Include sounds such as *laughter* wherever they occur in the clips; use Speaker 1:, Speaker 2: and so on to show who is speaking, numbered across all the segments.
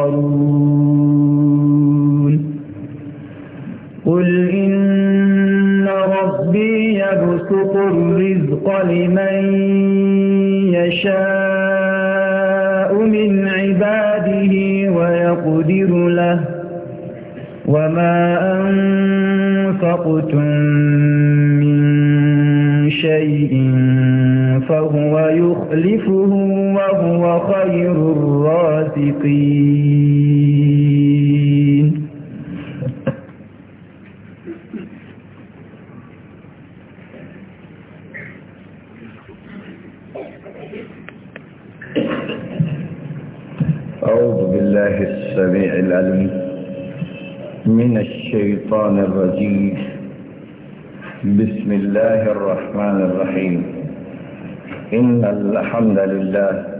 Speaker 1: قارون قل إن ربي يبسط الرزق لمن يشاء من عباده ويقدر له وما أنفقتم من شيء فهو يخلفه هو خير الرازقين
Speaker 2: أعوذ بالله السميع العليم من الشيطان الرجيم بسم الله الرحمن الرحيم إن الحمد لله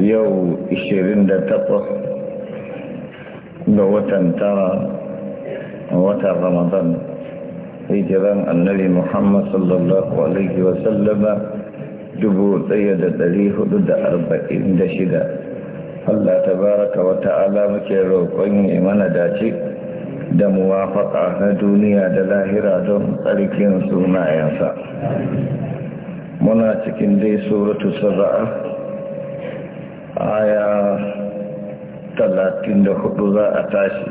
Speaker 2: yau 28 ga watan tara a watan ramadan hijiran annabi muhammad sallallahu alaihi wasallama dubu ɗaya da ɗari hudu da arba'in da shida allah tabaraka wa ta'ala muke roƙon yi mana dace da muwafaƙa na duniya da lahira don tsarkin sunayensa muna cikin dai suratu sarra'a aya talatin da hudu za a tashi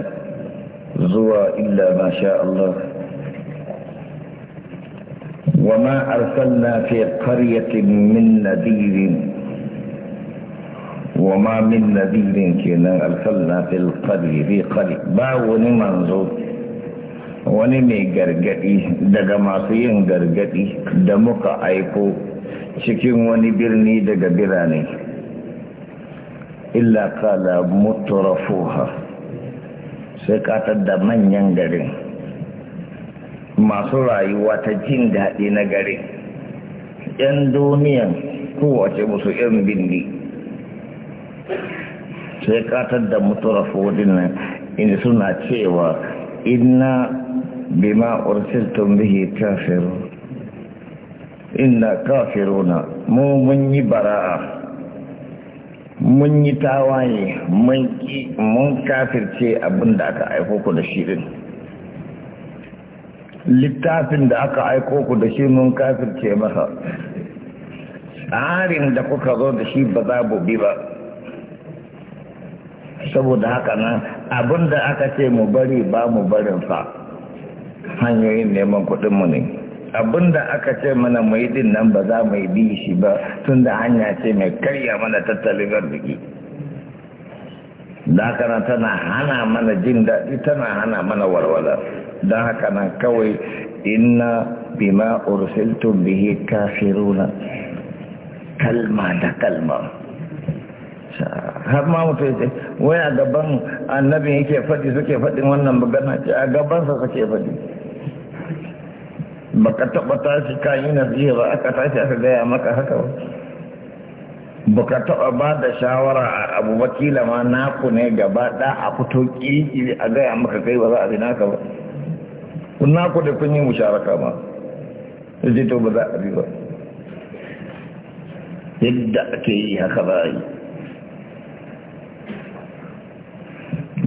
Speaker 2: zuwa illa masha Allah وما أرسلنا في قرية من نذير وما من نذير كنا أرسلنا في القرية في قرية باوني منظور wani mai gargadi daga masu yin gargadi da muka aiko cikin wani birni daga birane illa kala mutarafuha sai katar da manyan garin masu rayuwa ta jin daɗi na garin ‘yan duniyan kowace musu ‘yan bindi sai katar da mutarafu dinnan inda suna cewa inna bima ursiltum bihi kafirun inna kafiruna mu mun yi bara'a mun yi tawaye mun ki mun kafirce abin da aka aiko ku da shi din littafin da aka aiko ku da shi mun kafirce masa tsarin da kuka zo da shi ba za bi ba saboda haka nan abin da aka ce mu bari ba mu barin fa hanyoyin neman mu ne abinda aka ce mana mai din nan ba za mai bi shi ba tun da hanya ce mai karya mana tattalin arziki da haka nan tana hana mana jin daɗi tana hana mana warwala. don haka nan kawai inna bima ursiltum bihi kafiruna kalma da kalma har ma mutu ce wai a gaban annabi yake faɗi suke faɗin wannan magana ce a gabansa suke faɗi baka taɓa tashi ka yi nasiha ba aka tashi aka gaya maka haka ba baka taɓa ba da shawara a abu bakila ma naku ne gaba da a fito kiri a gaya maka kai ba za a zina ka ba kun naku da kun yi musharaka ma zai to ba za a bi ba yadda ake yi haka za a yi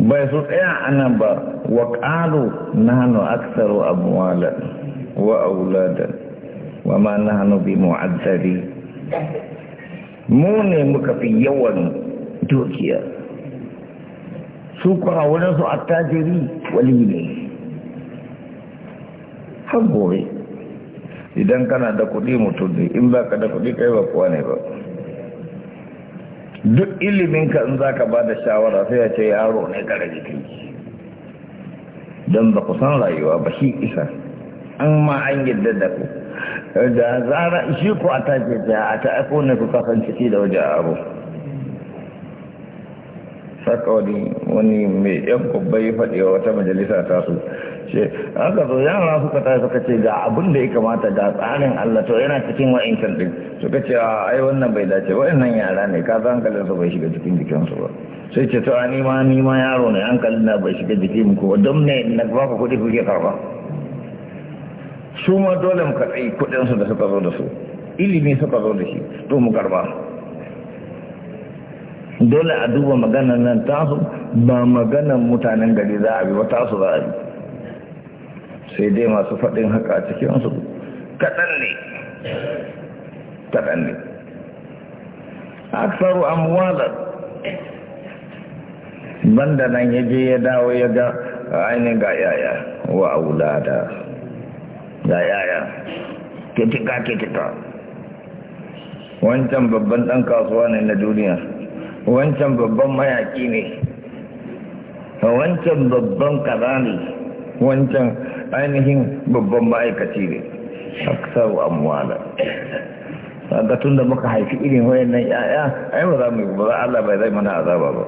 Speaker 2: bai su tsaya anan ba wa ƙalu nanu aksaro laɗin وأولادا وما yawan dukiya. موني مكفي يوم su سوق أولاد التاجري وليني ne. idan kana da kuɗi mutum ne in ba ka da kuɗi kai ba kuwa ne ba duk iliminka in za ka ba da shawara sai ya ce yaro ne kare jiki don ba ku san rayuwa ba shi isa in ma an yadda da ku da zara shi ku a tafi da a ta aiko ne ku kasan ciki da waje abu saka wani wani mai yan babba ya faɗi wa wata majalisa ta su ce aka zo yara suka ta suka ce ga abin da ya kamata ga tsarin Allah to yana cikin wa'incan din suka ce a ai wannan bai dace nan yara ne ka san kalin su bai shiga cikin jikinsu ba sai ce to a nima nima yaro ne hankalin na bai shiga jikin ku don ne na ba ku kuɗi kuke karɓa su ma dole mu karɓi kuɗinsu da suka zo da su ilimi suka zo da shi to mu karɓa dole a duba maganan nan tasu ba maganan mutanen gari za a bi ba tasu za a bi sai dai masu faɗin haka a cikinsu kaɗan ne kaɗan ne aksaru amwalar banda nan ya je ya dawo ya ga ainihin ga yaya wa da. ga yaya ketika ketika wancan babban ɗan kasuwa ne na duniya wancan babban mayaki ne wancan babban kaza ne wancan ainihin babban ma'aikaci ne aksau amwala ga tun da muka haifi irin wayannan 'ya'ya ai ba za mu yi ba Allah bai zai mana azaba ba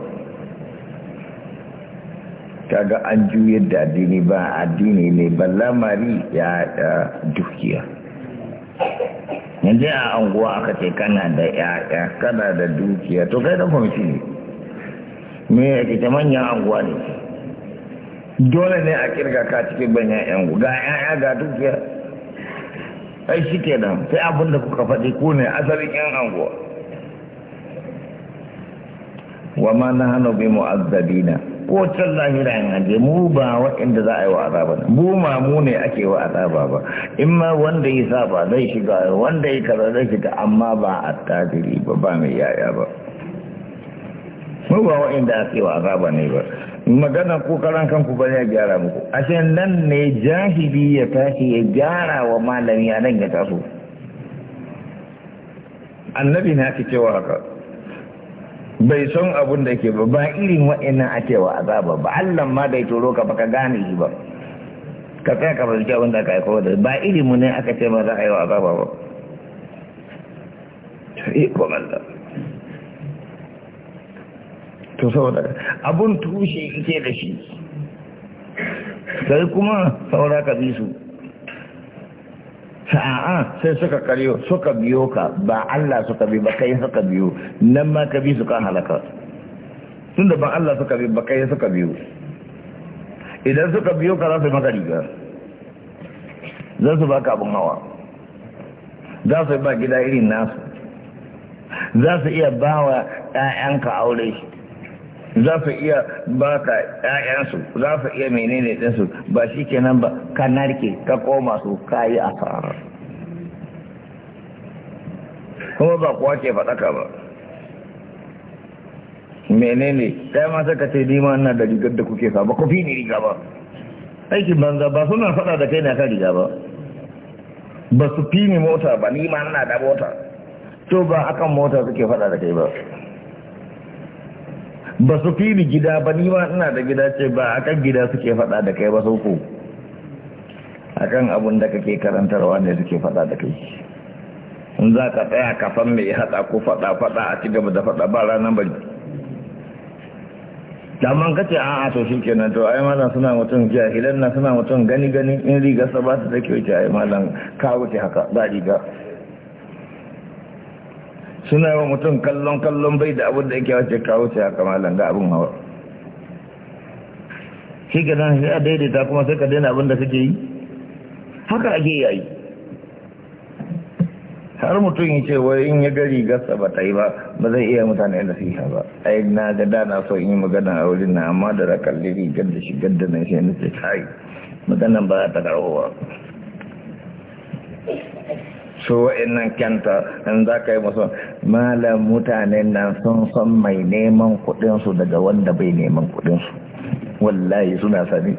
Speaker 2: kaga an juyar da addini ba addini ne ba lamari ya dukiya yanzu a anguwa aka ce kana da ya'ya kana da dukiya to kai da kwamfi ne me ya ke manyan anguwa ne dole ne a kirga ka cikin banyan yan ga ya'ya ga dukiya ai shi kenan sai abinda da kuka faɗi ku ne asalin yan anguwa wa ma na bi mu'azzabina ko can lahira in aje mu ba waɗanda za a yi wa azaba ne mu ma mu ne ake wa azaba ba in ma wanda ya saba zai shiga wanda ya kaza zai shiga amma ba a tajiri ba ba mai yaya ba mu ba waɗanda ake wa azaba ne ba magana ko karan kanku ba ya gyara muku ashe nan ne jahili ya tashi ya gyara wa malami a nan ya taso annabi na ake cewa haka bai son abun da ke ba ba irin wa'annan ake wa azaba ba Allah ma bai turo ka baka gane shi ba ka tsaya ka bazike abin da ka aiko da ba irin mu ne aka ce ba za a yi wa azaba ba to saboda abun tushe ike da shi sai kuma saura ka bi su sa'a sai suka karyo suka biyo ka ba Allah suka bi ba kai suka biyo nan ma ka bi suka halaka da ba Allah suka bi ba kai suka biyo idan suka biyo ka za su maka riga za su baka abin hawa za su ba gida irin nasu za su iya ba wa 'ya'yanka aure za fa iya ba ka ‘ya'yansu za fa iya menene ɗinsu ba shi kenan ba ka narke ka koma su ka yi asarar kuma ba kuwa ke faɗaka ba menene ɗaya ma saka ce nima na da rigar da kuke sa ba ku fi ni riga ba aikin banza ba suna faɗa da kai na aka riga ba ba su fi ni mota ba nima na da mota to ba akan mota suke faɗa da kai ba ba su fi ni gida ba ni ma ina da gida ce ba akan gida suke faɗa da kai ba sau ko akan abun da kake karantarwa ne suke faɗa da kai in za ka tsaya ka san mai haɗa ko faɗa-faɗa a cigaba da faɗa ba ranar bari daman kace a a to shikenan to ai malam suna mutum idan na suna mutum gani gani in riga sabata ba wuce ai malam ka wuce haka da riga suna wa mutum kallon kallon bai da abin da yake wace kawo sai a malam ga abin hawa shi ga nan sai a daidaita kuma sai ka daina abin da suke yi haka ake yayi har mutum ya ce wai in ya gari gasa ba ta yi ba ba zai iya mutane yadda su ba ai na ga dana na so in yi magana a wurin na amma da rakalli rigar da shi gadda na shi ne ce yi maganan ba ta karowa su wa'annan kyanta in za ka yi masu malam mutanen nan sun san mai neman kudinsu daga wanda bai neman kudinsu wallahi suna sani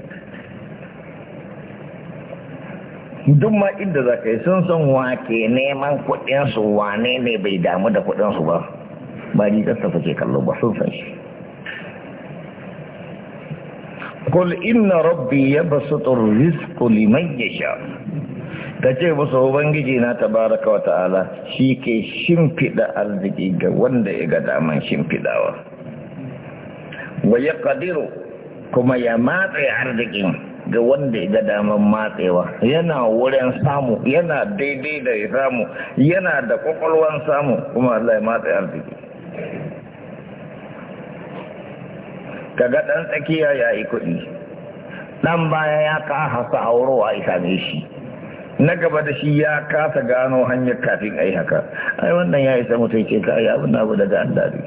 Speaker 2: duk ma inda za ka yi sun san wake neman kudinsu wane ne bai damu da kudinsu ba ba ni kasta suke kallo ba sun san shi قل إن ربي يبسط الرزق لمن يشاء ka ce musu ubangiji na tabaraka wa ta'ala shi ke shimfiɗa arziki ga wanda ya ga daman shimfiɗawa wa ya ƙadiru kuma ya matse arzikin ga wanda ya ga daman matsewa yana wurin samu yana daidai da ya samu yana da ƙwaƙwalwan samu kuma Allah ya matse arziki ka ga ɗan tsakiya ya yi kuɗi ɗan baya ya ƙahasa a isa ne shi na gaba da shi ya kasa gano hanyar kafin a yi haka ai wannan ya isa mutum ce ka ayi na abu daga an dadi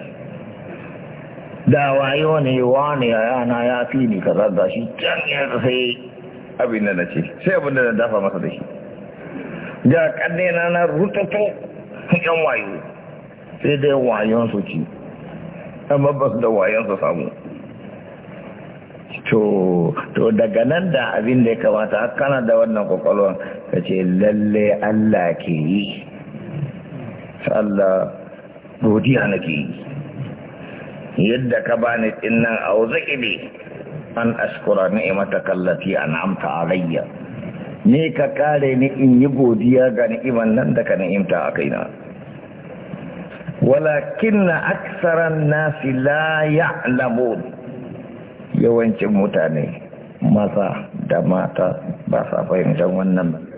Speaker 2: da wayo ne wani a yana ya fi ni ka zarda shi can ya sai abin da na ce sai abin da na dafa masa da shi ga kanne na na rutato yan wayo sai dai wayon su ci amma ba su da wayon su samu to to daga nan da abin da ya kamata kana da wannan kwakwalwar ta ce lalle Allah ke yi Allah godiya ke yi yadda ka bani dinnan a wuzaki an ashkura ni'imata kallati a alayya ne ka kare ni in yi godiya ga ni'iman nan da ka ni'imta a kaina walakin na aksaran nasi la ya'lamun yawancin mutane maza da mata ba sa fahimtar wannan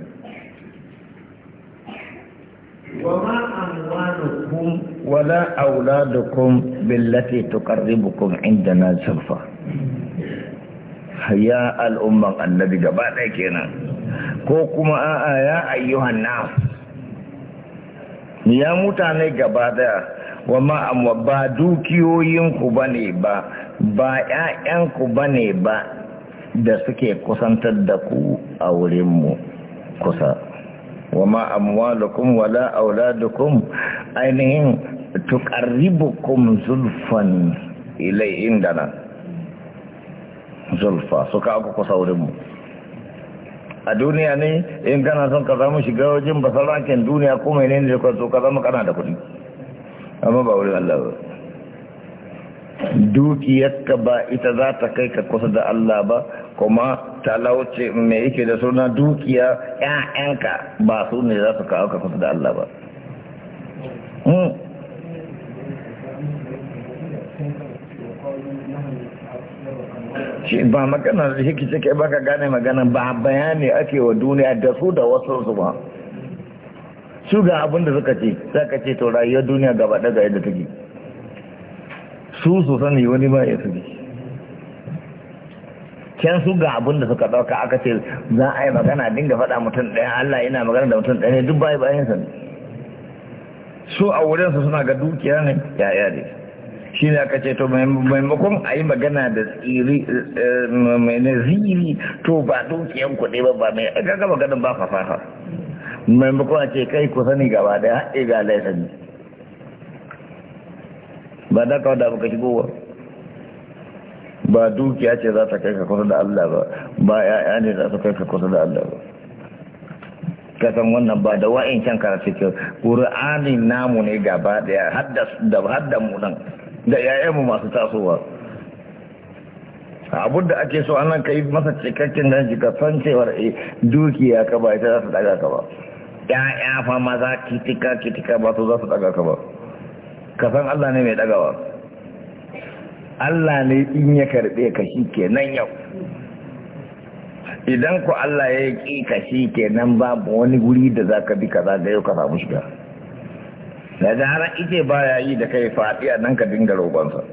Speaker 3: Wa ma amma ba do kun
Speaker 2: a wula al'umman Alladhi, gaba ɗaya kenan. Ko kuma a aya a Yohana. Ya mutane gaba ɗaya wa ma ba dukiyoyinku ba ne ba, ba ƴaƴanku ba ne ba da suke kusantar da ku a wurin kusa. wama amwalukum wala auladukum ainihin tuqarribukum zulfan ilai indana zulfa suka aka kusa mu. a duniya ne in kana son ka zama shiga wajen basarakin duniya ko mai ne da kwanso ka zama kana da kuɗi amma ba wurin Allah ba dukiyarka ba ita za ta kai ka kusa da Allah ba kuma talauci mai yake da suna dukiya ‘ya'yanka ba su ne za su kawo ka kusa da Allah ba. Hmm. shi ba magana da shi kai baka gane magana ba bayani ake wa duniya da su da wasu su ba su ga abin da suka ce za ka ce to rayuwar duniya gaba daga yadda take su su sani wani ba ya su can su ga abin da suka ɗauka aka ce za a yi magana dinga faɗa mutum ɗaya Allah yana magana da mutum ɗaya ne duk bayi bayansa sa su a wurinsa suna ga dukiya ne yaya ne shi ne aka ce to maimakon a yi magana da tsiri eh, mai ziri to ba dukiyan kuɗi ba ba mai gaga maganin ba fafafa maimakon a ce kai ku sani gaba da haɗe eh, ga laifin ba da ka wada muka shigowa ba dukiya ce za ta kai ka kusa da Allah ba ba ya'ya ne za ta kai ka kusa da Allah ba kasan wannan ba da wa'in can karatu ke ƙur'anin namu ne gaba daya hadda mu nan da ya'yanmu masu tasowa abu da ake so anan kai masa cikakken dan ka san cewar eh dukiya ka ba ita za ta daga ka ba ya'ya fa maza kitika kitika ba su za su daga ka ba ka san Allah ne mai dagawa Allah ne in ya karɓe ka shi nan yau idan ku Allah ya ƙi ka shi kenan babu wani wuri da za ka bi ka za yau ka samu shiga da zarar ike baya yi da kai faɗi a nan ka dinga roƙonsa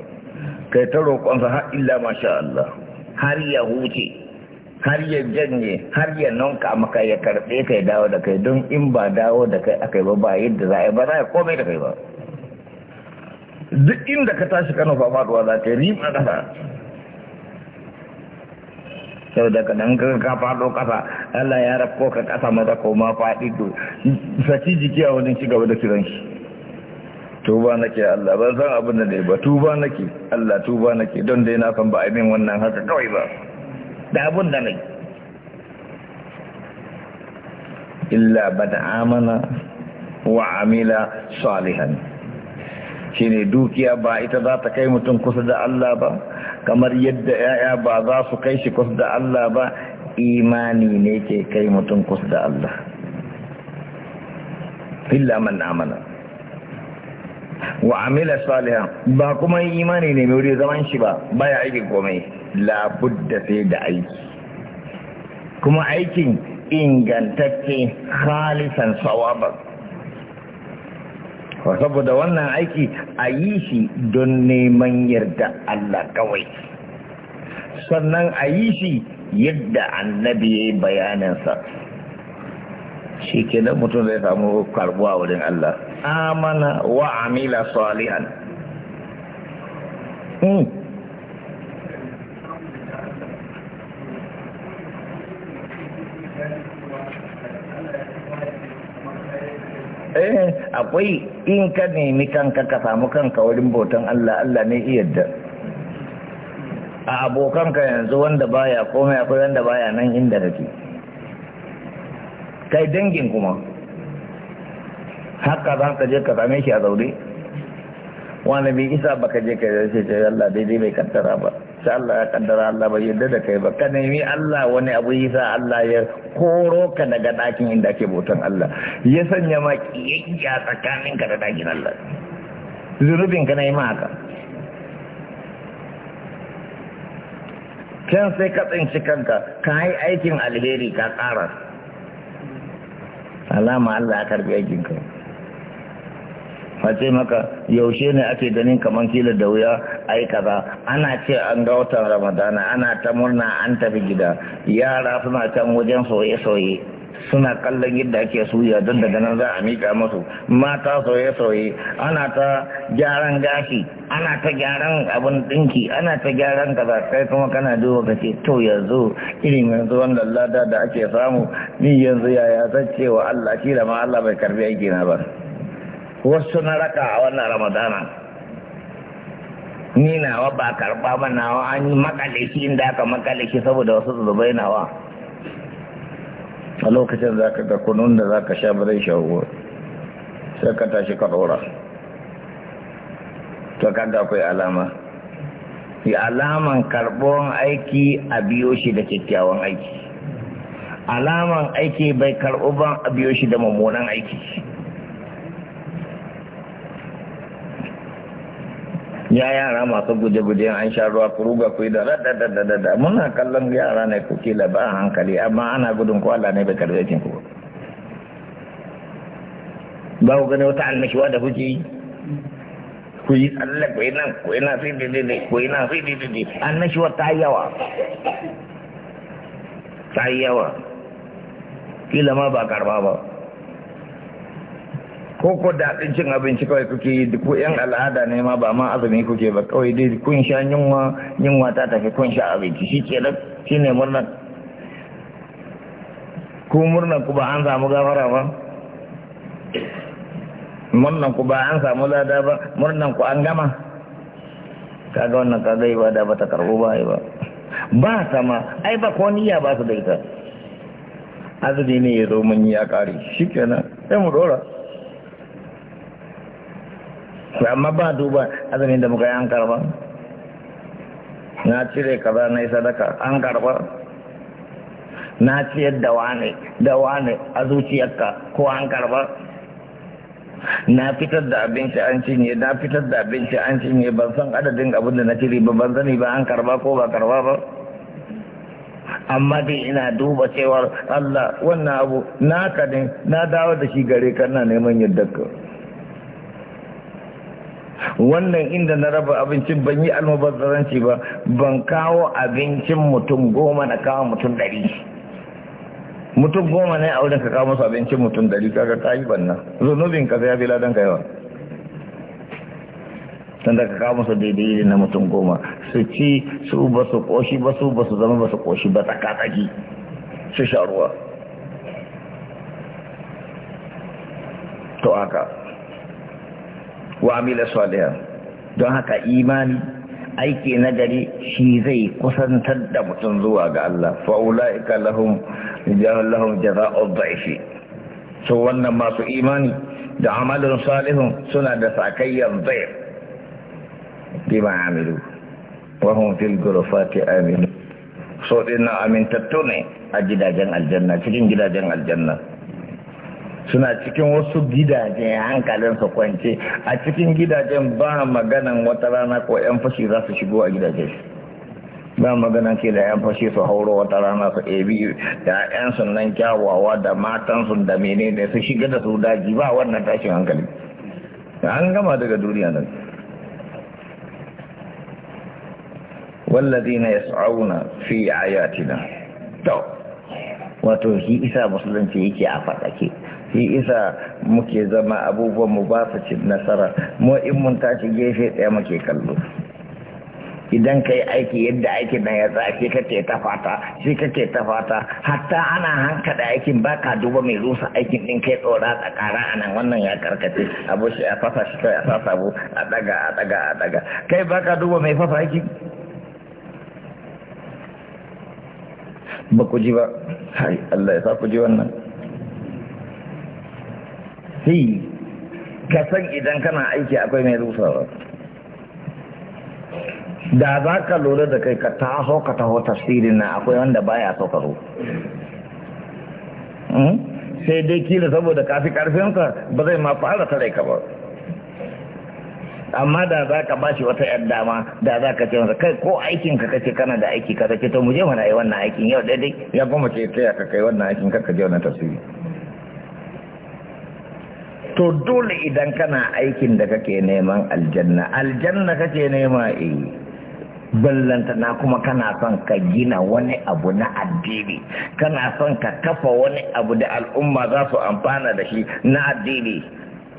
Speaker 2: kai ta roƙonsa har illa masha Allah har ya huce har ya janye har ya nonka maka ya karɓe kai dawo da kai don in ba dawo da kai aka yi ba ba yadda za a yi ba za a komai da kai ba duk inda ka tashi kano fa faduwa za ka yi riba kasa sau da kadan ka fado kasa Allah ya rafko ka kasa mata koma faɗi to saki jiki a wajen ci gaba da kiran shi tuba nake Allah ban san abin da ne ba tuba nake Allah tuba nake don dai na san ba a min wannan haka kawai ba da abin da nake illa bada amana wa amila salihan shine dukiya ba ita za ta kai mutum kusa da Allah ba kamar yadda 'ya'ya ba za su kai shi kusa da Allah ba imani ne ke kai mutum kusa da Allah illa man amana wa amila salihan ba kuma imani ne mai wuri zaman shi ba baya aiki komai labudda sai da aiki kuma aikin ingantacce khalisan sawaban saboda wannan aiki a yi shi don neman yarda Allah kawai sannan a yi shi yadda annabi ya yi bayaninsa shi ke nan mutum zai samu karbuwa wurin Allah amana wa amila salihan hmm. eh akwai in ka nemi kanka ka samu kanka wurin bautan Allah Allah ne iya da a abokanka yanzu wanda baya komai akwai wanda baya nan inda kake kai dangin kuma haka za ka je ka same shi a zaure wani bi isa baka je ka yi sai Allah daidai bai kantara ba sai Allah ya kaddara Allah bai yarda da kai ba ka nemi Allah wani abu sa Allah ya koro ka daga ɗakin inda ake bautan Allah ya sanya ma kiyayya tsakanin ka da ɗakin Allah zurubin ka na yi ma haka can sai ka tsinci kanka ka yi aikin alheri ka kara alama Allah ya karbi aikin kai a maka yaushe ne ake ganin kamar kila da wuya ai kaza ana ce an ga watan ramadana ana ta murna an tafi gida yara suna can wajen soye-soye suna kallon yadda ake suya don daga nan za a miƙa musu mata soye-soye ana ta gyaran gashi ana ta gyaran abin dinki ana ta gyaran kaza kai kuma kana duba ka ce to yanzu irin yanzu wannan lada da ake samu ni yanzu yaya zan cewa Allah shi da ma Allah bai karbi aiki ba wasu na raka a wannan ramadana ni nawa ba karba ba nawa an yi makale shi inda aka makale shi saboda wasu zubai nawa a lokacin za ka ga kunun da za ka sha ba zai shawo sai ka tashi ka ɗora to ka ga akwai alama yi alaman karɓon aiki a biyo shi da kyakkyawan aiki alaman aiki bai karɓo ban a biyo shi da mummunan aiki ya yara masu guje-guje an sha ruwa furuga kuyi da radadadadada muna kallon yara ne kuke da ba hankali amma ana gudun kwala ne bai karbe ku ba ku gani wata almashiwa da kuke yi ku yi tsalle ku yi nan ku yi nan sai daidai ku yi nan sai daidai almashiwa ta yawa ta yawa kila ma ba karba ba ko ko da cin abinci kawai kuke yi duk yan al'ada ne ma ba ma azumi kuke ba kawai dai kun sha yunwa yunwa ta tafi kun sha abinci shi ke nan shi ne murnan ku murnan ku ba an samu gafara ba murnan ku ba an samu lada ba murnan ku an gama kaga wannan kaga ibada ba ta karbo ba ba ba ma ai ba ko niyya ba su da ita azumi ne ya zo mun ya kare shikenan sai mu dora to amma ba duba azumin da muka yi an karba na cire kaza na yi sadaka an karba na ciyar da wane da wane a zuciyarka ko an karba na fitar da abinci an cinye na fitar da abinci an cinye ban san adadin abin da na cire ba ban sani ba an karba ko ba karba ba amma dai ina duba cewar Allah wannan abu na ne na dawo da shi gare ka na neman yadda ka wannan inda na raba abincin ban yi almubazzaranci ba ban kawo abincin mutum goma na kawo mutum dari. mutum goma ne a wurin ka kawo masu abincin mutum dari. kaga ka yi banna zunubin ka ya fi ka yawa tun da ka kawo masu daidai na mutum goma su ci su ba su koshi ba su ba su zama ba su koshi ba ta tsaki su sha ruwa to aka. wa amila saliha don haka imani aiki na gari shi zai kusantar da mutum zuwa ga Allah fa'ula'ika lahum lahum jaza'u dha'ifi so wannan masu imani da amalin salihun suna da sakayyar zai bima amilu wa hum fil ghurafati aminu so dinna amintattu ne a gidajen aljanna cikin gidajen aljanna suna cikin wasu gidaje hankalin su kwance a cikin gidajen ba maganan wata rana ko yan fashi za su shigo a gidaje ba maganan ke da yan fashi su hauro wata rana su ebi da yan sunan kyawawa da matan sun da menene su shiga da su daji ba wannan tashin hankali an gama daga duniya nan wallazina yas'auna fi ayatina to wato shi isa musulunci yake a fadake shi isa muke zama abubuwan mu ba su ci nasara mu in mun tashi gefe ɗaya muke kallo idan ka yi aiki yadda aikin nan ya tsaki kake ta fata shi kake ta fata hatta ana hankada aikin ba ka duba mai rusa aikin din kai tsora tsakara a nan wannan ya karkace abu shi a fasa shi kai a fasa sabu a daga a daga a daga kai ba ka duba mai fasa aikin ba ku ji ba hai Allah ya sa ku ji wannan fi ka san idan kana aiki akwai mai rufawa da za ka lura da kai ka taho ka taho tafsirin na akwai wanda baya so ka hmm? sai dai kila saboda kafi karfinsa ba zai ma fara tare ka ba amma da za ka bashi wata yar dama da za ka ce masa kai ko aikin ka kace kana da aiki ka kace to mu je mana yi wannan aikin yau daidai ya goma ce ta ka kai wannan aikin ka ka je wannan tafsiri to dole idan kana aikin da kake neman aljanna aljanna kake nema e, eh, ballanta na kuma kana son ka gina wani abu na addini kana son ka kafa wani abu da al'umma za su amfana da shi na addini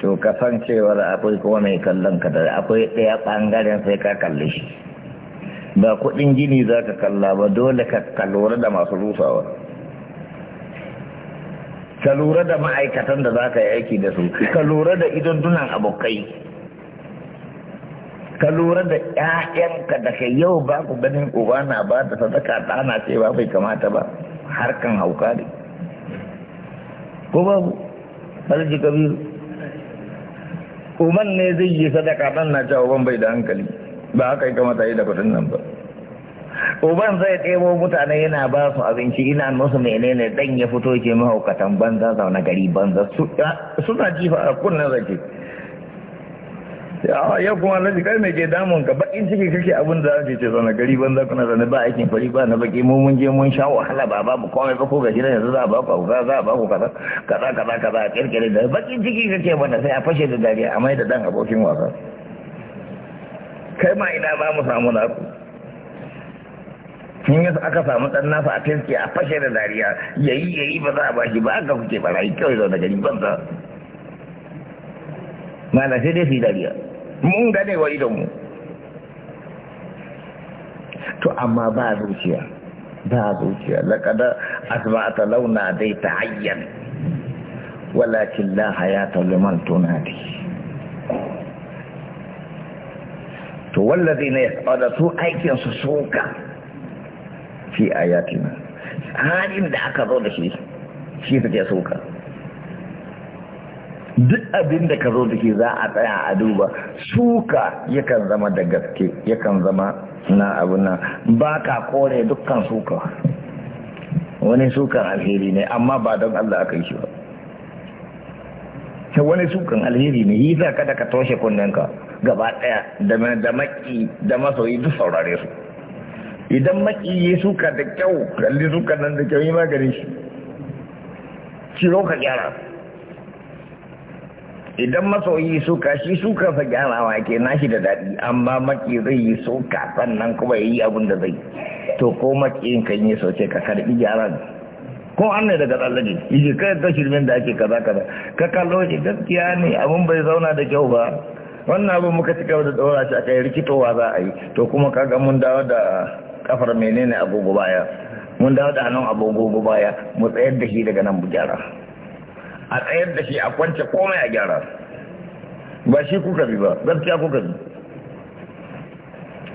Speaker 2: to ka san cewar akwai kuma mai kallon ka da akwai ɗaya ɓangaren sai ka kalli shi ba kuɗin gini za ka kalla ba dole ka lura da masu rusawa ka lura da ma'aikatan da za ka yi aiki da su ka lura da idan dunan abokai ka lura da ƴaƴanka da kai yau ba ku ganin uba na ba da sadaka ɗana ce ba bai kamata ba harkan hauka ne ko babu alhaji kabiru uban ne zai yi sadaka ɗan na cewa ban bai da hankali ba haka yi kamata yi da kudin nan ba uban zai ɗebo mutane yana ba su abinci ina musu menene dan ya fito ke mahaukatan banza zaune gari banza suna jifa a kunnen zaki ya kuma na jikai mai ke damun ka bakin ciki kake abin da ake ce zaune gari banza kuna zane ba aikin fari ba na baki mu mun je mun sha wahala ba babu komai ba ko gashi na yanzu za a baku ku kaza za a ba ku kaza kaza kaza kaza a kirkire da bakin ciki kake mana sai a fashe da dariya a mai da dan abokin wasa kai ma ina ba mu samu na ku in yasa aka samu dan nasa a teske a fashe da dariya yayi yayi ba za a bashi ba aka kuke ba rai kawai zaune gari banza mana sai dai su dariya mun gane wa mu. to amma ba zuciya ba zuciya laƙada asba'ata launa dai ta hayyar walakin la hayata liman tunadi to wallazi ne da su aikin su suka fi ayatina halin da aka zo da shi shi suke suka duk abin da ka zo da shi za a tsaya a duba suka yakan zama da gaske yakan zama na abu na ba ka kore dukkan suka wani sukan alheri ne amma ba don Allah aka yi shi ba wani sukan alheri ne yi za kada ka toshe kunnen ka gaba daya da maki da masoyi duk saurare su idan makiyi suka da kyau kalli suka nan da kyau yi maganin shi ciro ka gyara idan masoyi suka shi suka fa gyarawa ke nashi da daɗi amma maki zai yi suka sannan kuma ya yi abin da zai to ko makiyin kan yi sauce ka karɓi gyaran ko an ne daga tsallake Iji kai ta shirmin da ake kaza kaza ka kallo shi gaskiya ne abin bai zauna da kyau ba wannan abin muka cika da ɗora shi a yi rikitowa za a yi to kuma kaga mun dawo da kafar menene agogo baya mun dawo da hannun agogo baya mu tsayar da shi daga nan mu gyara a tsayar da shi a kwance komai a gyara ba shi kuka bi ba gaskiya kuka bi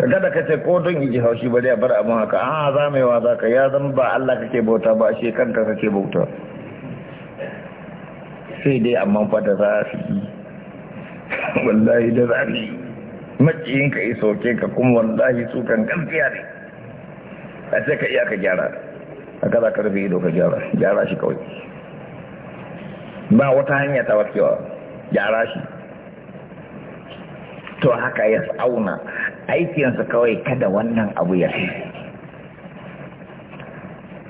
Speaker 2: kada ka ce ko don iji haushi ba dai bar abin haka a za mai wa za ka ya zan ba Allah kake bauta ba shi kanka kake bauta sai dai amma fata za su yi *laughs* wallahi da za su yi maciyinka iso ke ka kuma wallahi su kan gaskiya ne a sai ka iya ka gyara ka za ka rufe ido ka gyara gyara shi kawai ba wata hanya ta warkewa gyara shi to haka ya auna aikinsa kawai kada wannan abu ya fi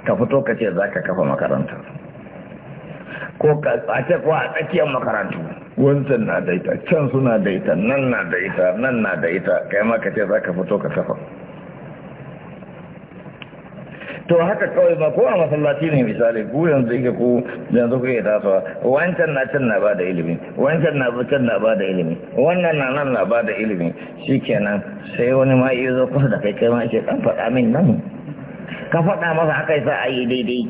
Speaker 2: ka fito ka ce za ka kafa makaranta ko ka tsace ko a tsakiyar makarantu wancan na da ita can suna da ita nan na da ita nan na da ita kai ma ka ce za ka fito ka kafa to haka kawai ba ko a masallaci ne misali ku yanzu yake ku yanzu ku yi tasowa wancan na can na ba da ilimi wancan na can na ba da ilimi wannan na nan na ba da ilimi Shi kenan, sai wani ma iya zo kusa da kai kai ma ce kan faɗa min nan ka faɗa masa haka yasa a yi daidai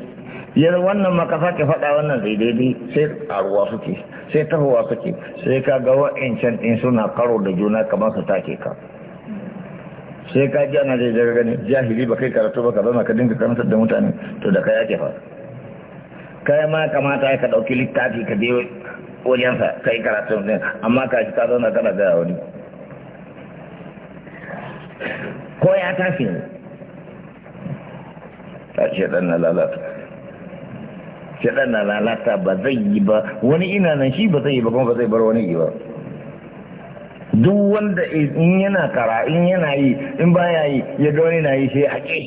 Speaker 2: yanzu wannan ma ka sake faɗa wannan sai daidai sai ruwa suke sai tahowa suke sai ka ga wa'incan ɗin suna karo da juna kamar su take ka sai ka ji ana da gani jahili ba kai karatu ba ka zama ka dinka karantar da mutane to da ka yake fa kai ma kamata ka dauki littafi ka je wajensa ka yi karatu ne amma ka ji ka zauna kana gaya wani ko ya tafi ne ta ce dan na lalata ce dan na lalata ba zai yi ba wani ina nan shi ba zai yi ba kuma ba zai bar wani yi ba duk wanda in yana kara in yana yi in baya yi ya ga wani na yi sai ke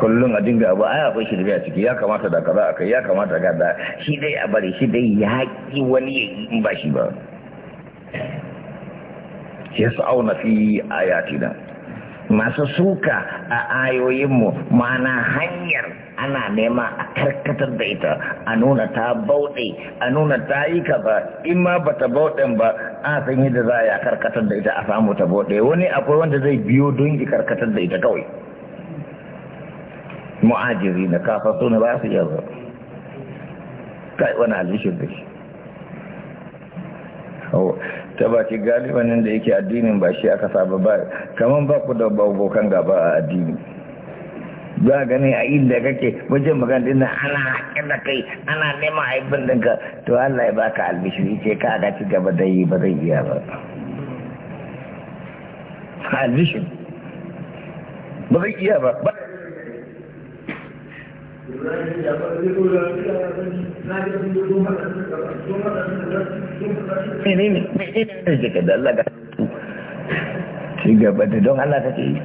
Speaker 2: kullum a dinga abu ai akwai shirya ciki ya kamata da kaza akai ya kamata ga da shi dai a bari shi dai ya haƙi wani ya yi in ba shi ba ya sa'auna fi ayatina masu suka a ayoyinmu ma'ana hanyar ana nema a karkatar da ita a nuna ta bauɗe a nuna ta yi ka ba in ma ba ta bauɗen ba an san yadda za a yi a karkatar da ita a samu ta bauɗe wani akwai wanda zai biyo don yi karkatar da ita kawai mu'ajiri na kafa suna ba su iya zuwa kai wani alishin da shi ta galibanin da yake addinin ba shi aka saba ba kamar ba ku da babokan gaba a addini za a gani a inda kake wajen magana dinnan ana haƙin da kai ana neman haifin ɗinka to Allah ya baka albishiri ce ka ga ci gaba da yi ba zai iya ba albishir ba zai iya ba ba ci gaba da don Allah ta ce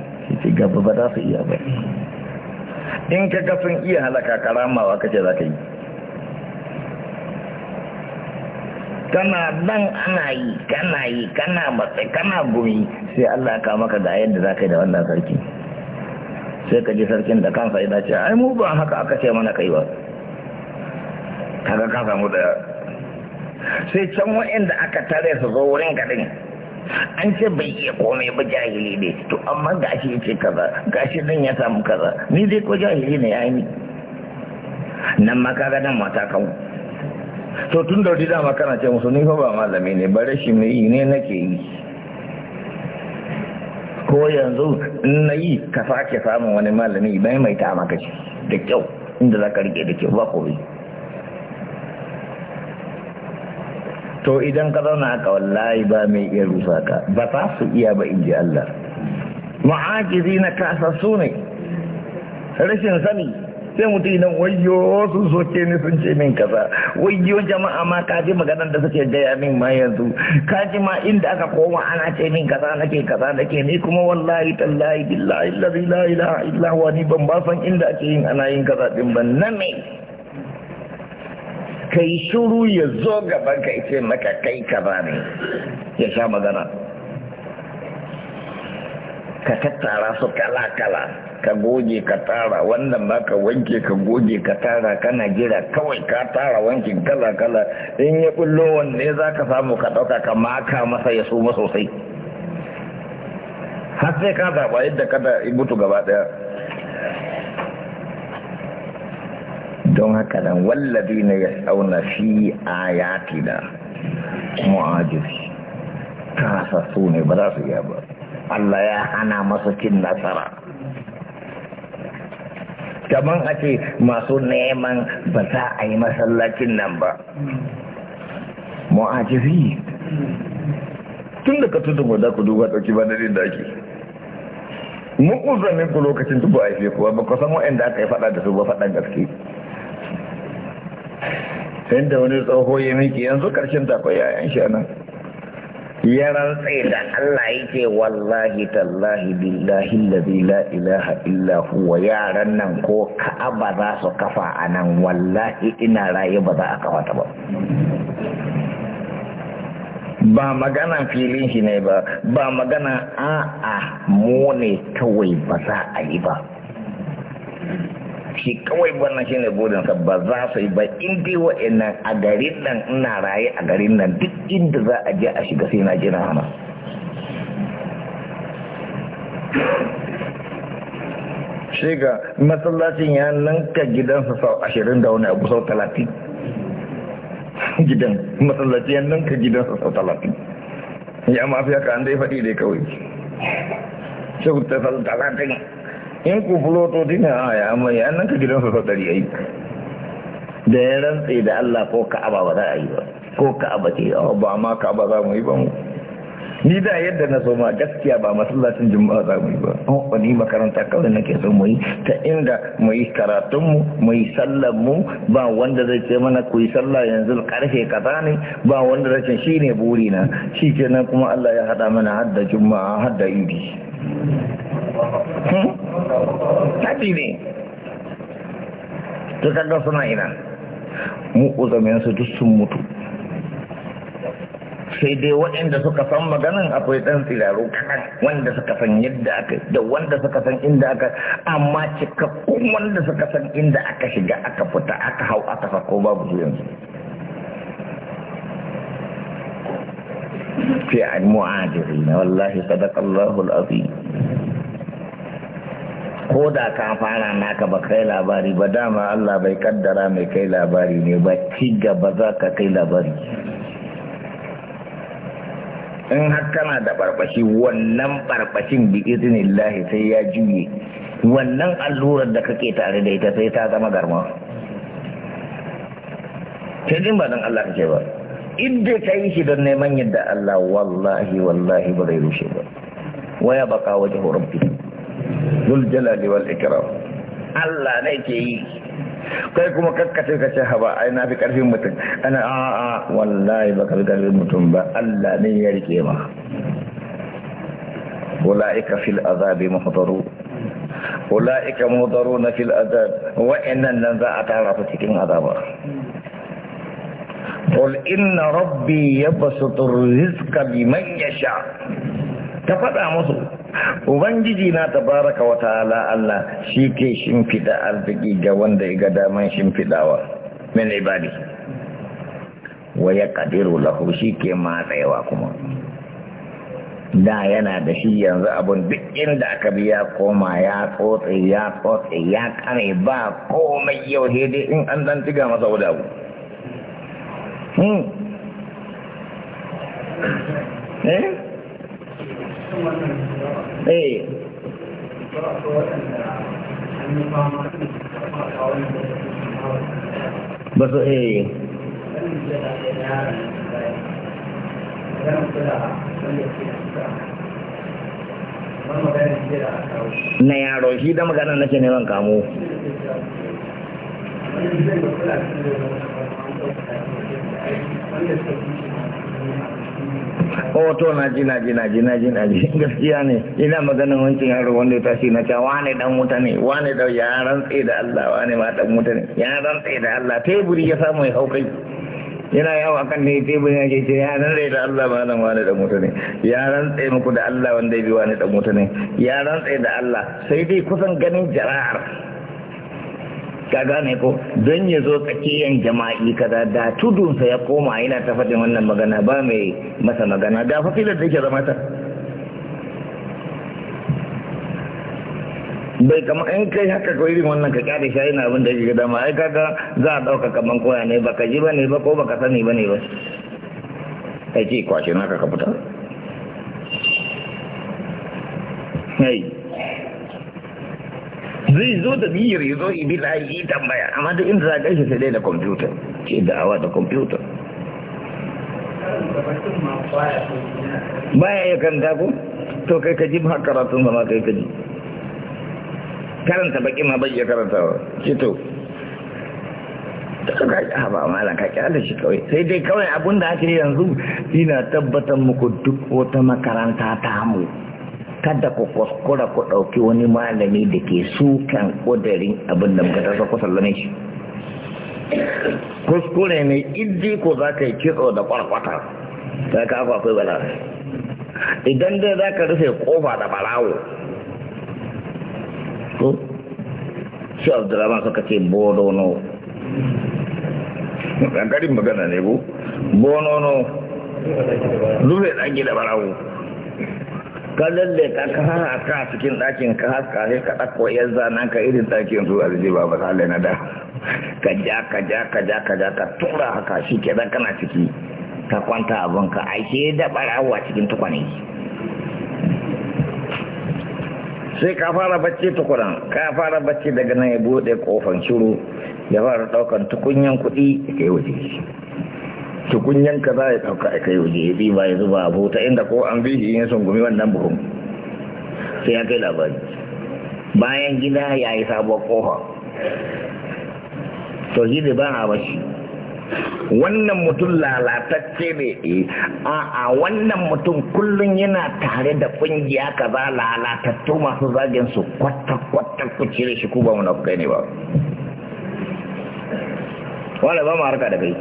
Speaker 2: ci gaba ba za su iya ba in ka kafin iya halaka karamawa kace za ka yi kana nan ana yi kana yi kana matsa kana gumi sai Allah ka maka ga yadda za ka yi da wannan sarki sai ka ji sarkin da kansa ya dace ai mu ba haka aka ce mana kai ba kaga ka samu da sai can wa'inda aka tare su zo wurin gaɗin an ce bai iya komai ba jahili ne to amma ga shi ce kaza ga shi nan ya samu kaza ni dai ko jahili ne ya yi nan ma kaga nan mata kan to tun da wuri dama kana ce musu ni fa ba malami ne bare shi ne yi ne nake yi ko yanzu in na yi ka sake samun wani malami bai mai ta maka shi da kyau inda za ka rike da kyau ba komai to idan ka zauna aka wallahi ba mai iya rusa ka ba ta su iya ba in ji Allah ma'ajizi na kasa su ne rashin sani sai mutum idan wayo sun soke ni sun ce min kaza wayo jama'a ma ka ji maganar da suke gaya min ma yanzu ka ji ma inda aka koma ana ce min kaza nake kaza nake ni kuma wallahi tallahi billahi la ilaha illa huwa ni ban ba san inda ake yin ana yin kaza din ban nan ne ka yi shuru ya zo gaban ka ce maka kai ka ba ne ya sha magana ka tattara su kala-kala ka goge ka tara wannan ba ka wanke ka goge ka tara kana jira kawai ka tara wanke kala-kala in ya bullo wanne za ka samu ka ɗauka ka maka masa ya suma sosai har sai ka zaɓa yadda kada mutu gaba ɗaya don haka nan wallabi na ya tsauna fi ayati da mu'ajiri Ta sassu ne ba za su iya ba Allah ya hana masu cin nasara kamar a ce masu neman ba za a yi masallacin nan ba mu'ajiri tun da ka tudun wadda ku duba ɗauki ba da da ake mun ku lokacin tubu a haife kuwa ba kusan san wa'anda aka yi faɗa da su ba faɗan gaske sai da wani tsoho ya miki yanzu karshen tafa yayan shi nan ya rantse da Allah yake wallahi tallahi billahi lalzi la'ilaha ilaha illa yaran nan ko ka'aba za su kafa a nan wallahi ina raye ba za a kafa ta ba ba magana filin shi ne ba ba magana a'a mu ne kawai ba za a yi ba shi kawai wannan shi ne burinsa ba za su yi ba indi wa wa'annan a garin nan ina raye a garin nan duk inda za a je a shiga sai na jina hana ga masallacin ya nanka gidansa sau ashirin da wani abu sau talatin gidan masallaci ya nanka gidansa sau talatin ya mafi haka an dai faɗi dai kawai sau talatin in ku fulotu dina a ya amma ya nan ka gidan sau ɗari ai da ya rantse da Allah ko ka'aba ba za a yi ba ko ka'aba ce ba ma ka'aba za mu yi ba mu ni da yadda na so ma gaskiya ba masallacin juma'a za mu yi ba wani oh, makaranta kawai nake so mu yi ta inda mu yi karatunmu mu yi sallar mu ba wanda zai ce mana ku yi sallah yanzu karfe kaza ne ba wanda zai ce shi ne burina shi kenan kuma Allah ya haɗa mana hadda juma'a hadda idi Tadi ne. To kaga suna ina. Mu uzamin su duk sun mutu. sai dai waɗanda suka san maganin akwai ɗan tsiraro kaɗan wanda suka san yadda aka da wanda suka san inda aka amma cikakkun wanda suka san inda aka shiga aka fita aka hau aka sako babu su yanzu fi al mu'ajiri na wallahi sadaqallahu al-azim ko da ka fara naka ba kai labari ba dama Allah bai kaddara mai kai labari ne ba ci gaba za ka kai labari in hakana da barbashi wannan barbashin bi izini Allah sai ya juye wannan allurar da kake tare da ita sai ta zama garma sai din ba don Allah kake ba idda ta yi shi don neman yadda Allah wallahi wallahi ba zai rushe ba waya baka wajen rabbi Dul jalali wal ikram Allah ne ke yi kai kuma kakkace ka ce haba ai na fi karfin mutum ana a a wallahi ba ka karfin mutum ba Allah ne ya rike ma ulaika fil azabi muhdaru ulaika muhdaruna fil azab wa innan nan za a tara su cikin azaba قل إن ربي يبسط الرزق لمن يشاء ta faɗa musu ubangiji na tabaraka wa ta'ala Allah shi ke shimfiɗa arziki ga wanda ya ga daman shimfiɗawa min ibadi wa ya kadiru lahu shi ke matsayawa kuma da yana da shi yanzu abun duk inda aka bi ya koma ya tsotse ya tsotse ya kare ba komai yau dai in an dan tiga masa wuda ku. Hmm. eh eh ba su eh. na yaro shi da magana Na ke neman kamo wanda hoto oh, na naji naji naji na ji na *laughs* gaskiya ne ina maganin wancin yaro wanda ya tashi na cewa wane dan mutane ne wane da yaran rantse da Allah wane ma dan mutane ne ya rantse da Allah teburi ya samu ya hau kai yana yawo akan ne teburi ya ke ce ya rantse da Allah ma nan wane dan mutane ne ya rantse muku da Allah wanda ya bi wane dan mutane ne ya da Allah sai dai kusan ganin jara'ar ka gane ko don ya zo tsakiyan jama'i kaza da tudunsa ya koma yana ta faɗin wannan magana ba mai masa magana da fasilar da ke zama ta bai kama in kai haka ko irin wannan ka kyale shi na abin da yake ma ai kaga za a ɗauka kaman koya ne ka ji ne ba ko ka sani ne ba aiki kwashe na ka fita zai zo da niyyar ya zo ibi layi yi tambaya amma da inda za gaishe sai dai da kwamfuta ce da'awa da kwamfuta baya ya karanta ku, to kai ka ji ba karatun ba ma kai ka ji karanta baki ma bai ya wa ce to suka ji haɓa malam ka kyala shi kawai sai dai kawai da ake yanzu ina tabbatar muku duk wata makaranta ta mu kada ku kuskura ku ɗauki wani malami da ke sukan ƙudurin abin da muka ku sallame shi kuskure ne iddi ko za ka yi kitso da kwarkwata ta ka akwai bala idan dai za ka rufe kofa da balawo ko shi abdurrahman suka ce bodono ɗan magana ne bu bonono rufe ɗan gida balawo ka lalle ka ka a cikin ɗakin ka haska sai ka ɗakko yan zana ka irin ɗakin su a ba ba sale na da ka ja ka ja ka ja ka ja ka tura haka shi ke dan kana ciki ka kwanta abin ka aiki da barawa cikin tukwane sai ka fara bacci tukunan ka fara bacci daga nan ya buɗe kofan shiru ya fara ɗaukan tukunyan kuɗi ya yi waje tukunyan ka za ya ɗauka a kai waje bi ba ya zuba abu ta inda ko an bihi shi yin sungumi wannan buhun sai ya kai labari bayan gida ya yi sabuwar kofa to shi ne ba a bashi wannan mutum lalatacce ne a wannan mutum kullum yana tare da ƙungiya ka za lalatattu masu zagin su kwata-kwata ku cire shi ku ba munafukai ne ba wanda ba mu harka da kai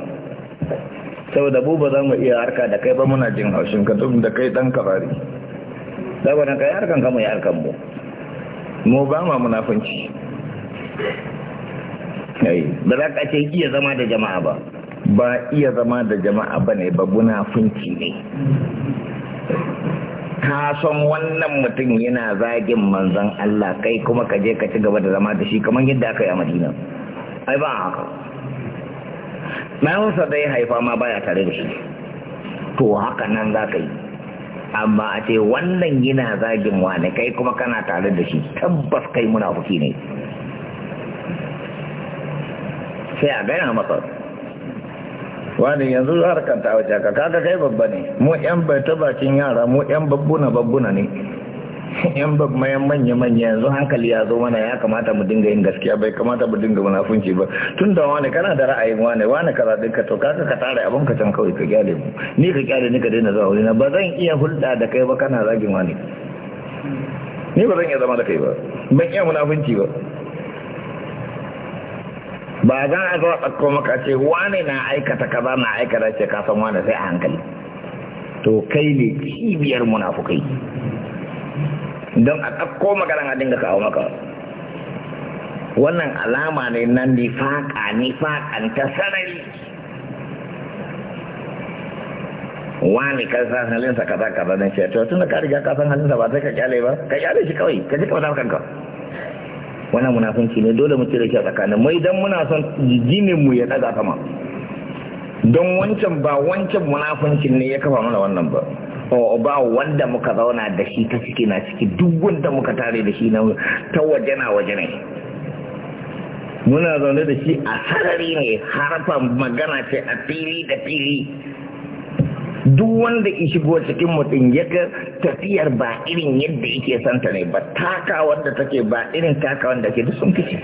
Speaker 2: saboda bu ba za mu iya harka da kai ba muna jin haushin ka tun da kai dan kafari saboda kai harkan ka mu yi harkan mu mu ba ma munafunci ba za ka ce iya zama da jama'a ba ba iya zama da jama'a ba ne ba munafunci ne ka san wannan mutum yana zagin manzan Allah kai kuma ka je ka ci gaba da zama da shi kamar yadda aka yi a madina ai ba haka bayansa dai haifa ma baya tare da shi to haka nan za ka yi amma a ce wannan yana zagin wani kai kuma kana tare da shi tabbas kai muna fuki ne sai a gaya masa wani yanzu harkanta wajen ka kaga kai babba ne mu yan bai ta bakin yara mu yan babbuna babbuna ne *laughs* yan bagmayan manya-manya yanzu hankali ya zo mana ya kamata mu dinga yin gaskiya bai kamata mu dinga munafunci ba tun da wani kana da ra'ayin wani wani kaza ɗinka to kaka ka tare abin ka can kawai ka gyale mu ni ka gyale ni ka daina zuwa wurina ba zan iya hulɗa da kai ba kana zagin wani ni ba zan iya zama da kai ba ban iya munafunci ba ba za a zo a ɗauko maka ce wani na aikata kaza na aikata ce ka san wani sai a hankali to kai ne cibiyar munafukai don a ɗauko magana a dinga kawo maka wannan alama ne na nifaka nifakan ta sarari wani ka san halinsa kaza kaza ne shi to tun da ka riga ka san halinsa ba sai ka kyale ba ka kyale shi kawai ka ji kawai kanka wannan munafunci ne dole mu cire shi a tsakanin mai dan muna son jinin mu ya daga sama don wancan ba wancan munafuncin ne ya kafa mana wannan ba Oh, ba wanda muka zauna da shi ta ciki na ciki duk wanda muka tare da shi na ta waje na waje ne muna zaune da shi a sarari ne harafan magana ce a fili da fili duk wanda ya shigo cikin mutum ya ga tafiyar ba irin yadda yake santa ne ba taka wanda take ba irin taka wanda ke duk sun fice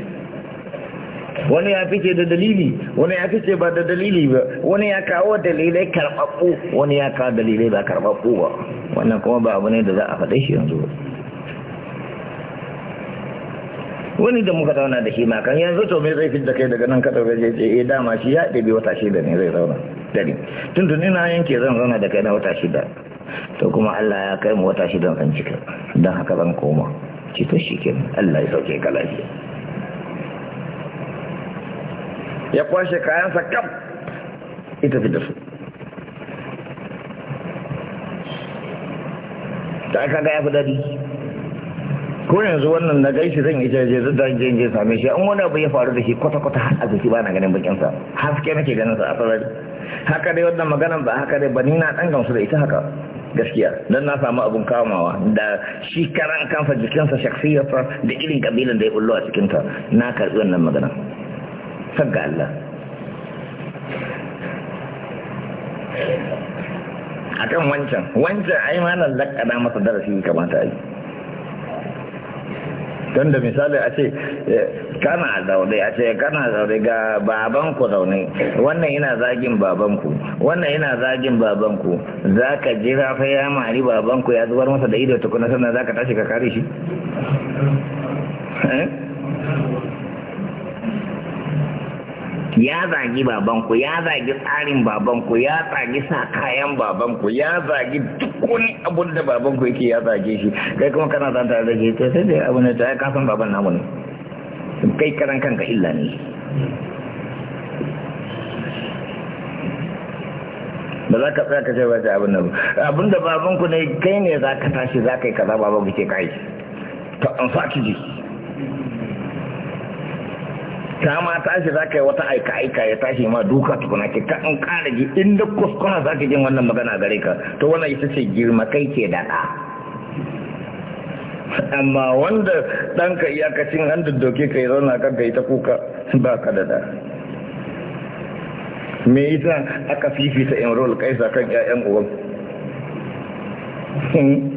Speaker 2: wani ya fice da dalili wani ya fice ba da dalili ba wani ya kawo dalilai karɓaɓɓu wani ya kawo dalilai ba karɓaɓɓu ba wannan kuma ba abu ne da za a faɗe shi yanzu wani da muka zauna da shi makan yanzu to mai zaifin fi da kai daga nan ka ɗauka jeje eh dama shi ya ɗabi wata shida ne zai zauna dari tun tun ina yanke zan zauna da kai na wata shida to kuma Allah ya kai mu wata da zan cika don haka zan koma ce to shi kenan Allah ya sauke ka lafiya ya kwashe kayansa kam ita fi da su ta aka ga ya fi dadi ko yanzu wannan na gaishe zan ita je zan dan je same shi an wani abu ya faru da shi kwata kwata a jiki ba na ganin bakinsa haske nake ganin sa a sarari haka dai wannan maganan ba haka dai ba ni na dan gamsu da ita haka gaskiya don na samu abun kamawa da shi karan kansa jikinsa shaksiyarsa da irin kabilan da ya bullo a cikinta na karɓi wannan magana san ga Allah a kan wancan wancan ai malam lakana masa darasi kamata a yi don da misali a ce eh, kana zaune a ce kana zaune ga babanku zaune wannan yana zagin babanku wannan yana zagin babanku za ka jira fa ya mari babanku ya zubar masa da ido tukuna sannan za ka tashi ka kare shi eh? ya zagi babanku ya zagi tsarin babanku ya zagi sa kayan babanku ya zagi duk wani abun da babanku yake ya zage shi kai kuma kana zanta da shi to sai dai abun da ta ka san baban namu ne kai karan kanka illa ne ba za ka tsaya ka ce ba abin nan abin da babanku ne kai ne za ka tashi za ka yi kaza babanku ke kai ta an sa ki ji ta ma tashi za ka yi wata aika-aika ya tashi ma duka tukuna ke ka in ƙara ji inda kuskuna za ki jin wannan magana gare ka to wannan ita ce girma kai ke da amma wanda ɗanka iyakacin an doke ka yi zauna kan ka yi ta kuka ba ka da me aka fifita enroll kaisa kan 'ya'yan uwan hmm?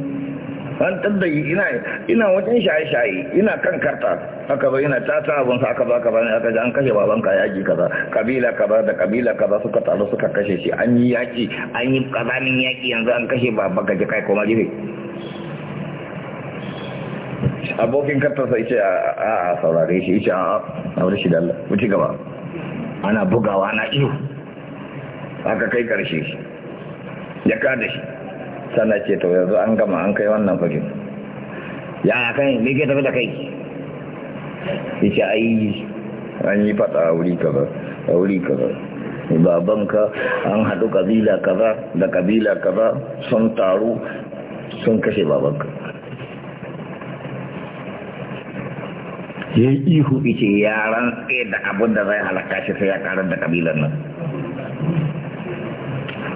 Speaker 2: an tabbayi ina ina wajen shaye-shaye ina kan karta haka bai ina ta ta abun sa aka ba ka bani aka ji an kashe baban ka yaki kaza kabila kaza da kabila kaza suka taru suka kashe shi an yi yaki an yi kazanin yaki yanzu an kashe baban ka jikai ko ma jibe abokin sai ce a saurare shi ce a wani shi da Allah wuce gaba ana bugawa ana iyo aka kai karshe ya kada shi sana ce to yanzu an gama an kai wannan fage ya kai ne ke tafi da kai yace ai an yi fata a wuri kaza a wuri kaza babanka an haɗu kabila kaza da kabila kaza sun taru sun kashe babanka ya yi ihu ice yaran tsaye da abin da zai halaka shi sai ya karar da kabilan nan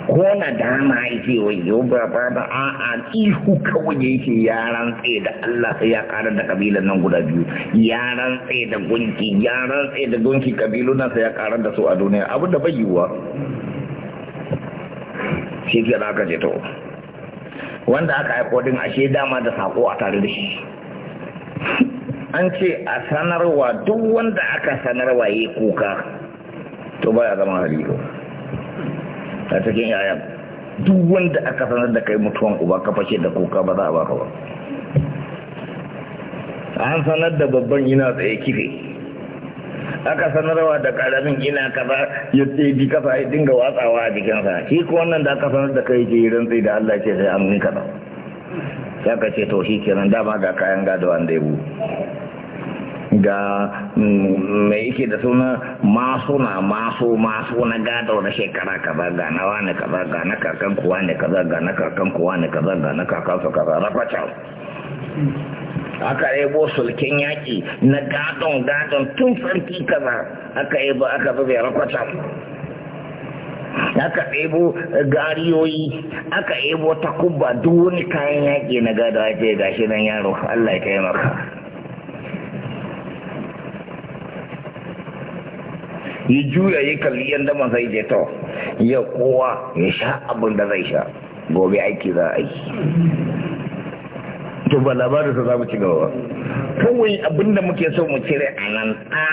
Speaker 2: Kona na dama yake wayo ba ba ba a a ihu kawai yake yaran tsaye da Allah sai ya karar da kabilan nan guda biyu yaran tsaye da gunki yaran tsaye da gunki kabilun nan sai ya karar da su a duniya abin da bai yiwuwa shi ke da aka ce to wanda aka aiko din ashe dama da sako a tare da shi an ce a sanarwa duk wanda aka sanarwa ya kuka to baya zama halilu a cikin yayan duk wanda aka sanar da kai mutuwan uba ka fashe da kuka ba za a baka ba an sanar da babban yana tsaye kife aka sanarwa da karamin ina kaza ya bi kafa ya dinga watsawa a jikinsa shi ko wannan da aka sanar da kai ke yi rantsai da Allah ce sai an yi ya ka ce to shi kenan dama ga kayan gado wanda ya bu ga mai mm, yake da suna masu na masu masu na gado na shekara kaza ga na wani kaza ga na kakan kuwa ne kaza ga na kakan kuwa ne kaza ga na kakan su kaza rakwacin aka yabo sulkin yaƙi na gadon gadon tun farki kaza aka yabo aka zube rakwacin aka ɗebo gariyoyi aka ɗebo takubba duk wani kayan yaƙi na gado ake gashi nan yaro Allah ya taimaka ya juya ya kalli yadda man zai je to ya kowa ya sha abin da zai sha gobe aiki za a yi to ba labarin sa za ci gaba kawai abin da muke so mu cire a nan a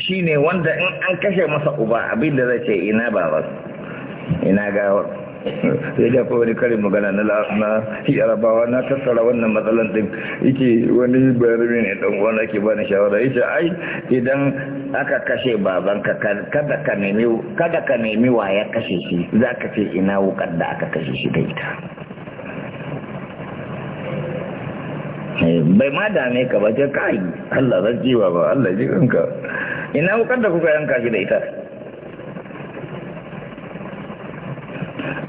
Speaker 2: shi ne wanda in an kashe masa uba abin da zai ce ina ba ina gawar ya ja fa wani karin magana na yarabawa na tattara wannan matsalan din yake wani bayar ne dan uwan ke ba ni shawara yace ai idan aka kashe babanka kada ka nemi kada ka nemi waya kashe shi zaka ce ina wukar da aka kashe shi da ita eh, bai ma dame ka ba ce kai Allah zan jiwa ba Allah ji ka. ina wukar da kuka yanka shi da ita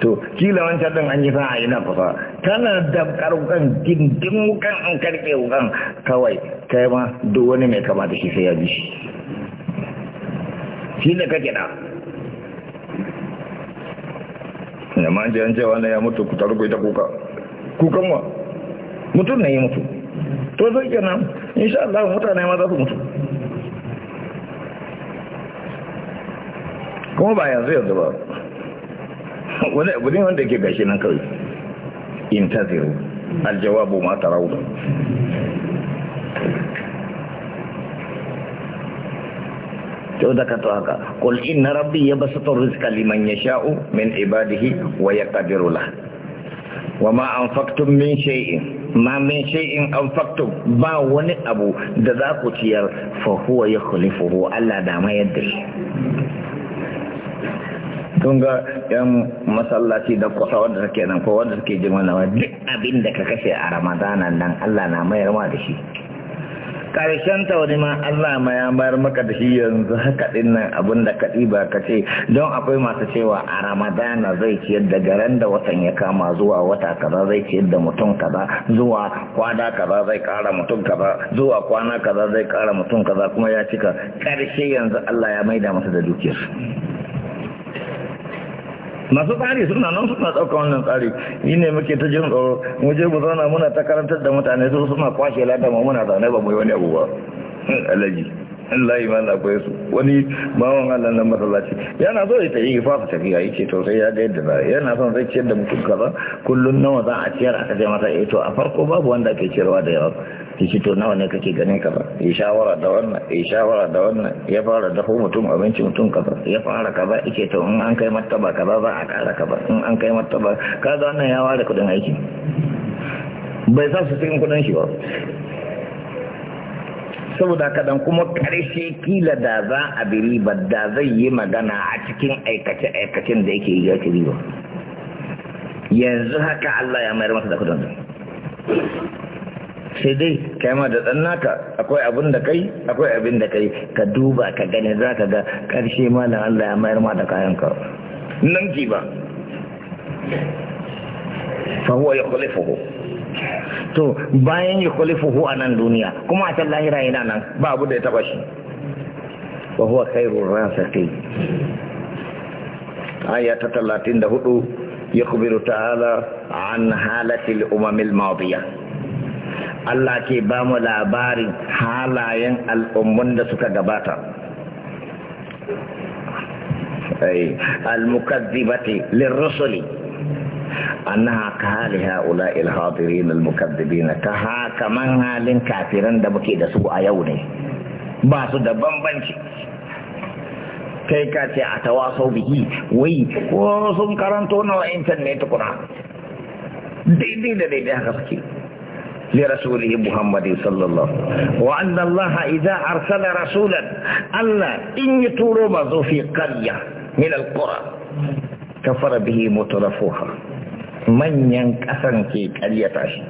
Speaker 2: to kila wancan din an yi sa'a ina fa tana da karukan gindin wukan an karke wukan kawai kai ma duk wani mai kama da shi sai ya bi shi shi ne kake da yamma ji an cewa ya mutu ku tarugo ita kuka kukan wa mutum ne ya mutu to zai kenan insha Allah mutane ma za su mutu kuma ba yanzu yanzu ba wani abu ne wanda ke gashi nan kawai intaziru aljawabu ma tarawu to kata ka to qul inna rabbi yabsutu rizqa liman yasha'u min ibadihi wa yaqdiru lah wa ma anfaqtum min shay'in ma min shay'in anfaqtum ba wani abu da za ku ciyar fa huwa yukhlifuhu Allah da ma yadda shi kun ga yan masallaci da kusa wanda suke nan ko wanda suke jin wannan duk abin da ka kashe a ramadana nan Allah na mayar ma da shi karshen ta ma Allah ma ya bayar maka da shi yanzu haka din nan abin da ka ɗiba ka ce don akwai masu cewa a ramadana zai ciyar da garan da watan ya kama zuwa wata kaza zai ciyar da mutum kaza zuwa kwana kaza zai kara mutum kaza zuwa kwana kaza zai kara mutum kaza kuma ya cika karshe yanzu Allah ya maida masa da dukiyar masu tsari suna nan suna ɗauka wannan tsari yi ne muke ta jin tsoro mu mu zauna muna ta karantar da mutane su suna kwashe lada ma muna zane ba mu yi wani abu ba hmm, alaji wallahi *laughs* ma na koyi su wani bawan Allah nan masallaci yana so ita yi ifafa tafiya yace to sai ya ga yadda za yana son zai ciyar da mutum kaza kullun nawa za a ciyar aka ce masa eh to a farko babu wanda ke ciyarwa da yawa yace to nawa ne kake ganin kaza ya shawara da wannan ya shawara da wannan ya fara dafa mutum abinci mutum kaza ya fara kaza yace to in an kai martaba kaza za a kara kaza in an kai martaba kaza wannan ya ware kudin aiki bai sa su cikin kudin shi ba saboda kaɗan kuma ƙarshe kila da za a bi riba da zai yi magana a cikin aikace-aikacen da yake yi ya riba yanzu haka Allah ya mayar masa da kudin sai dai kaima da ɗan naka akwai abin da kai akwai abin da kai ka duba ka gani za ka ga ƙarshe malam Allah ya mayar ma da kayan ka nan ki ba fa huwa yukhlifuhu to bayan ya kulifuhu a nan duniya kuma a can lahira yana nan ba abu da ya taba shi ba huwa ruran rasaqi aya ta ya yakbiru ta'ala an halatil umamil madiya Allah ke ba mu labarin halayen al'ummun da suka gabata al-mukazzibati lirrusuli أنها كهال هؤلاء الحاضرين المكذبين كها كمان هال كافرين دا دسوء يوني باسو دبن بنشي كي كاتي ce به وي biki wai ko sun karanto دي دي دي دي دي daidai لرسوله محمد صلى الله عليه وسلم وأن الله إذا أرسل رسولا ألا إن يتورو في قرية من القرى كفر به مترفوها manyan ƙasan ke ƙaryata tashi,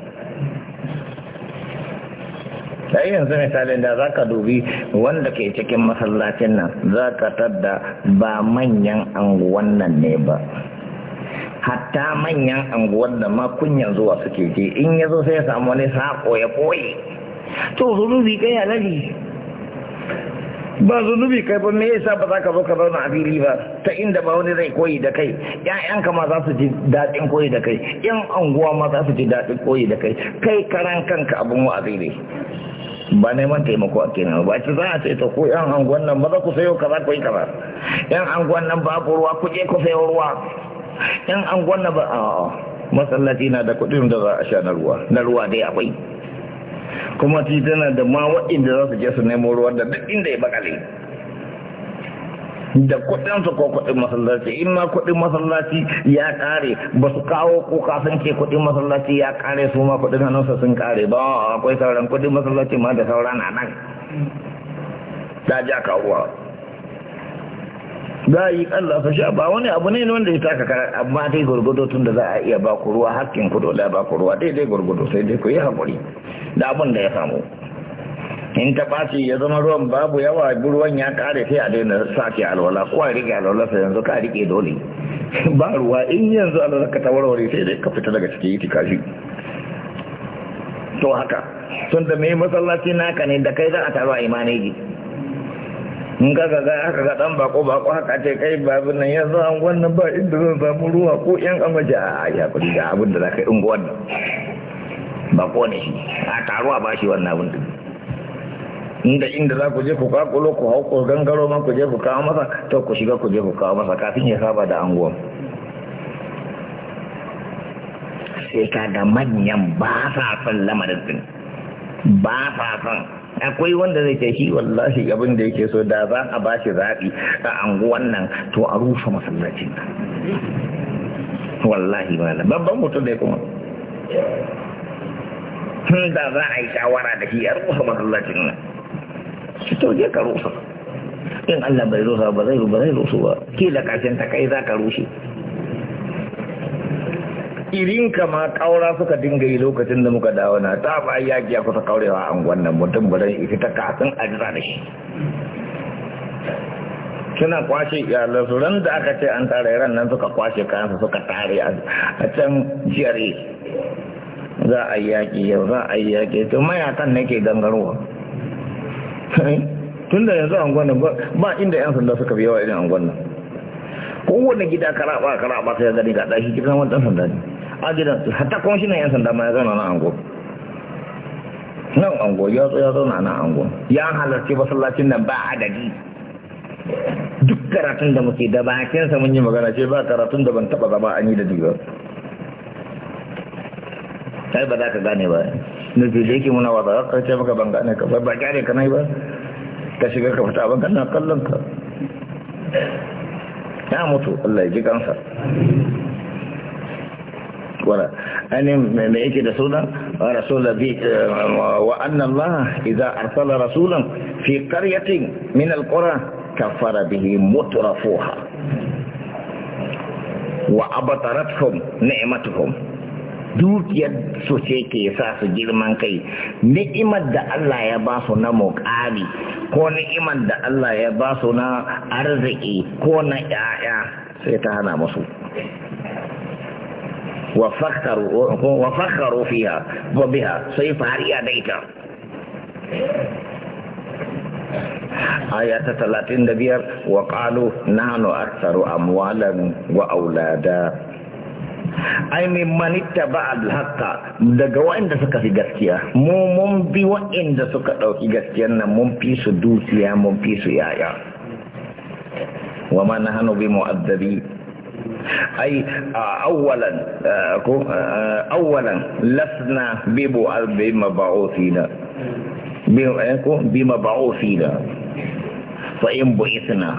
Speaker 2: sai yanzu misalin da za ka dubi wanda ke cikin masallacin nan za ka tadda ba manyan anguwan nan ne ba hatta manyan anguwan da ma zuwa suke in ya zo sai ya samu wani saƙo ya koyi to bi kai alali ba zunubi kai ba me yasa ba za ka zo ka zauna a fili ba ta inda ba wani zai koyi da kai ƴaƴanka ma za su ji daɗin koyi da kai ƴan anguwa ma za su ji daɗin koyi da kai kai karan kanka abin wa'azi ne ba neman taimako a kenan ba ce za a ce ta ko yan anguwan nan ba za ku sayo kaza ku yi kaza yan anguwan nan ba ku ruwa ku je ku sayo ruwa yan anguwan nan ba a masallaci na da kuɗin da za a sha na ruwa na ruwa dai akwai kuma ti tana da ma waɗanda za su je su nemo ruwa da duk inda ya bakale da kuɗinsu ko kuɗin masallaci in ma kuɗin masallaci ya ƙare ba su kawo ko kasan ke kuɗin masallaci ya ƙare su ma kuɗin hannunsa sun ƙare ba akwai sauran kuɗin masallaci ma da sauran a nan da ja kawo za a yi ƙalla su sha ba wani abu ne wanda ya taka kara amma dai gwargwado tun da za a iya baku ruwa hakkin ku dole ba ku ruwa daidai gwargwado sai dai ku yi haƙuri da abin da ya samu in ta ɓaci ya zama ruwan babu yawa ruwan ya ƙare sai a daina sake alwala ko a riƙe alwala sai yanzu ka riƙe dole *laughs* ba ruwa in yanzu alwala ka ta sai dai ka fita daga cikin kashi to haka tun da mai masallaci naka ne da kai za a taru a in ka ga aka ga dan bako bako haka ce kai babu nan yanzu an wannan ba inda zan samu ruwa ko yan amaja. a ya kudi ga abin da za ka yi ungo wannan bako ne shi a taruwa ba shi wannan abin din inda inda za ku je ku kakulo ku hau ku gangaro ma ku je ku kawo masa to ku shiga ku je ku kawo masa kafin ya saba da anguwan sai ka ga manyan ba sa son lamarin din ba sa son akwai wanda zai ce shi wallahi abin da yake so da za a ba shi zaɓi a anguwan nan to a rufe masallacin wallahi malam babban mutum da ya kuma tun hmm, da za a yi shawara da shi a rufe masallacin nan shi to je ka rufe in Allah bai rufe ba zai rufe ba kila kashin ta kai za ka rushe irin kama kaura suka dinga yi lokacin da muka dawo na ta ba yaki ya kusa kaurewa an wannan mutum ba ita ta kasin ajira da shi suna kwashe su, ran da aka ce an tare ran nan suka kwashe su suka tare a can jiyare za a yi yaƙi yau za a yi yaki to mayakan nake gangarwa eh? tun da yanzu angwannan ba inda yan sanda suka biyawa irin angwannan kowane gida karaba karaba sai gani ga ɗaki kitan wani sanda ne ajiran hatta kuma shi na yan sanda ma ya zauna na ango nan ango ya zauna na ango ya halarci masallacin nan ba adadi duk karatun da muke da bakinsa mun yi magana ce ba karatun da ban taba zama an yi da dubiya sai ba za ka gane ba na fi da yake muna wata za ka ce maka ban gane ka ba gyare ka nai ba ka shiga ka fita ban kana kallon ka ya mutu Allah ya ji kansa wala anin me yake da suna rasul bi wa anna allah idza arsala rasulan fi qaryatin min alqura kafara bihi mutrafuha wa ni'matuhum dukiyar su ce ke sa su girman kai ni'imar da Allah ya ba su na muƙari ko ni'imar da Allah ya ba su na arziki ko na 'ya'ya sai ta hana musu وفخروا فيها وبها سيف عريا بيتا آيات 30 دبير وقالوا نحن أكثر أموالا وأولادا أي من اتبع الحق دقوا إن دسك في جسكيا مو ممبي وإن دسك في جسكيا ممبي سدوسيا ممبي سيايا وما نحن بمؤذبين أي آه، أولا آه، آه، أولا لسنا بمبعوثنا بمبعوثنا فإن بعثنا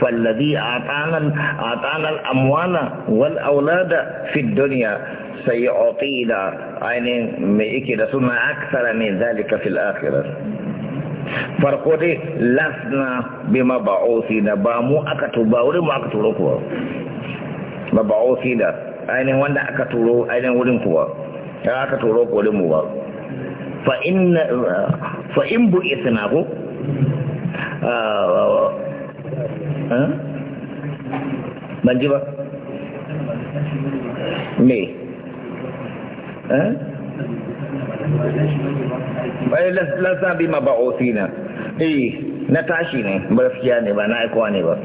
Speaker 2: فالذي أعطانا أعطانا الأموال والأولاد في الدنيا سيعطينا يعني ميكي لسنا أكثر من ذلك في الآخرة farko لسنا lasna بامو ba'uthina ba mu mabawusi da ainihin wanda aka turo ainihin wurin kuwa ya aka turo kodin mu ba fa in bu isi na ah, ah, ah, ban ji ba me bai eh? lasa bi ba'o na eh na tashi ne ba ne ba na aikowa ne ba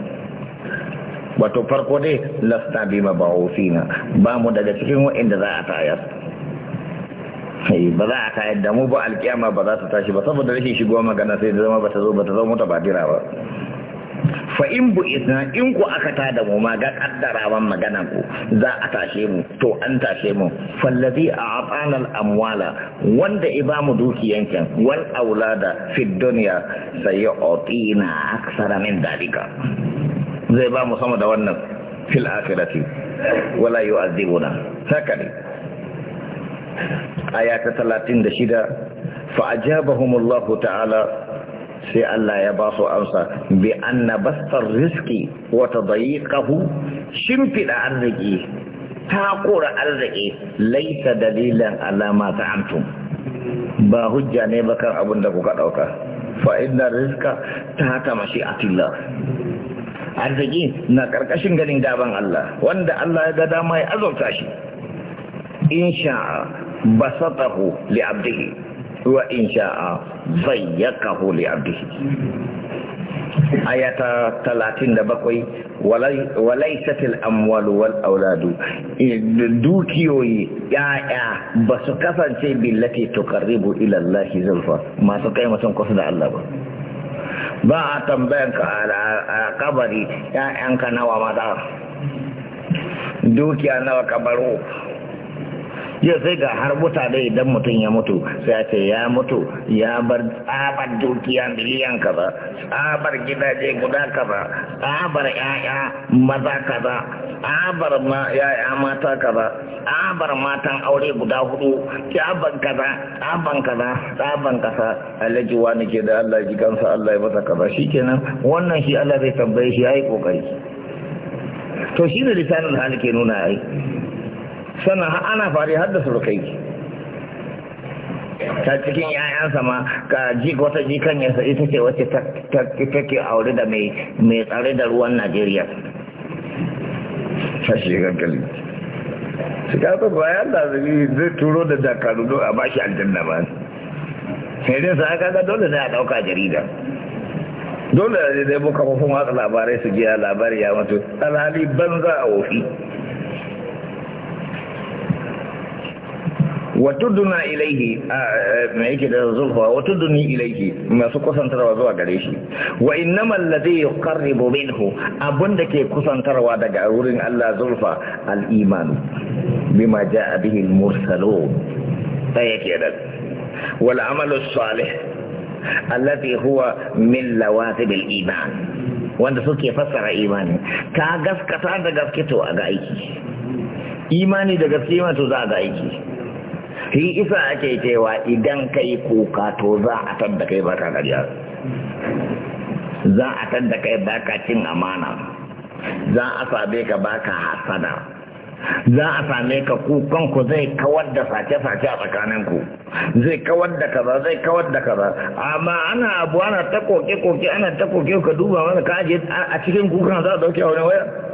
Speaker 2: wato farko dai lasta bi mabawusina ba mu daga cikin wa'inda za a tayar ba za a tayar da mu ba alkiyama ba za ta tashi ba saboda rashin shigo magana sai zama ba ta zo ba ta zama ta badira ba fa in bu isna in ku aka ta da mu ma ga ban magana ku za a tashe mu to an tashe mu fallazi a'tana al-amwala wanda iba mu kan wal aulada fi dunya sayu'tina aksara min dalika zai ba mu sama da wannan fil akhirati wala yu'adhibuna haka ne aya ta 36 fa ajabahumullahu ta'ala sai Allah ya ba su amsa bi anna bastar rizqi wa tadayyiqahu shimfida arziki takura arziki laita dalilan alama ta antum ba hujja ne ba kan abin da kuka ɗauka. fa inna riska ta hata mashi'atillah arziki na karkashin ganin daban Allah wanda Allah ya ga dama ya azurta shi in sha'a basatahu li abdihi wa in zayyakahu li abdihi ayata 37 walaisatil amwalu wal auladu eh, dukiyoyi ya'ya ba su kasance billati tuqarribu ila Allah zulfa masu kai mutum kusa da Allah ba ba a tambayan ka a kabari ‘ya'yanka nawa maza dukiya nawa kabaru yau sai ga har mutane idan mutum ya mutu sai a ce ya mutu ya bar tsabar dukiya miliyan kaza tsabar gidaje guda kaza tsabar ya'ya maza kaza tsabar ya'ya mata kaza tsabar matan aure guda hudu tsaban kaza tsaban kaza tsaban kaza alhaji wani ke da Allah ji kansa Allah ya masa kaza shikenan wannan shi Allah zai tambaye shi ya yi kokari to shi ne lisanin hali ke nuna ai sannan ana fari har da surukai ta cikin ‘ya'yansa ma ka ji wata jikan yasa ita ce wacce take aure da mai tsare da ruwan najeriya ta shiga gali su kafa bayan da zai turo da dakaru a bashi aljanna ba shirin sa aka ga dole ne a ɗauka jarida dole zai zai buka mafin watsa labarai su jiya labari ya mutu alhali banza a wofi watuduna ilaihi mai yake da zulfa watuduni ilaihi masu kusantarwa zuwa gare shi wa innamal ladhi yuqarribu minhu abunda ke kusantarwa daga wurin Allah zulfa al-iman bima jaa bihi al-mursalun daya kenan wal amalu salih alladhi huwa min lawazim al-iman wanda suke fassara imani ka gaskata da gaske to a ga aiki imani da gaske to za a ga aiki shi isa ake cewa idan ka yi kuka to za a tadda kai ba ka karya za a tadda kai ba ka cin amana za a same ka ba ka hasada za a same ka kukan ku zai kawar da sace-sace a tsakaninku zai kawar da kaza zai kawar da kaza amma ana abu ana ta koke-koke ana ta koke ka duba mana kaji a cikin kukan za a dauke wani waya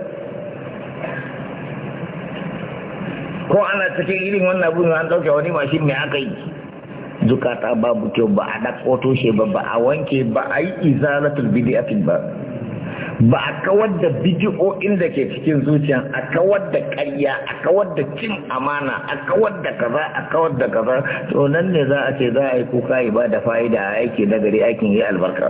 Speaker 2: ko ana cikin irin wannan abin an dauke wani mashin mai aka yi zukata babu kyau ba a ɗako toshe ba ba a wanke ba a yi izalatul bidiyatin ba ba a kawar da bidiyo'in da ke cikin zuciya a kawar da ƙarya a kawar da cin amana a kawar da kaza a kawar da kaza to nan ne za a ce za a yi kuka yi ba da fa'ida a aiki na gari aikin yi albarka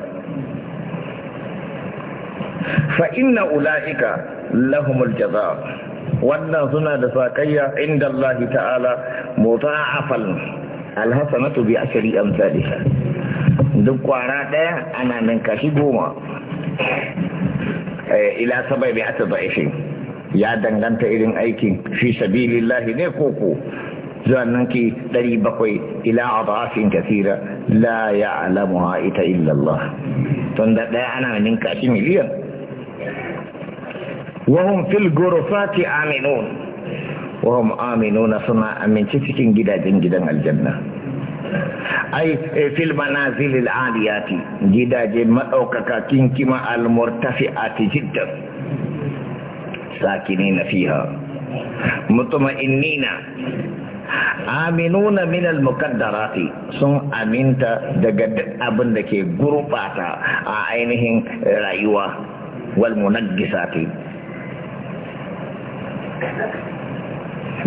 Speaker 2: fa inna ula'ika lahumul jaza wannan suna da saƙayya inda Allah ta'ala muta'afal alhasanatu bi ashri amsalha duk kwara ɗaya ana nan kashi goma eh, ila sabai bi atba'ishi ya danganta irin aikin fi sabilillahi ne koko zuwan ki ɗari bakwai ila adafin kasira la ya alamuwa ita illallah tun da ɗaya ana ninka kashi miliyan wahum fil gurufati aminun wahum aminuna suna amince cikin gidajen gidan aljanna ai fil manazilil aliyati gidaje madaukaka kinkima almurtafi'ati jiddan sakinina fiha mutma'innina aminuna min almukaddarati sun aminta daga abin da ke gurbata a ainihin rayuwa wal munaggisati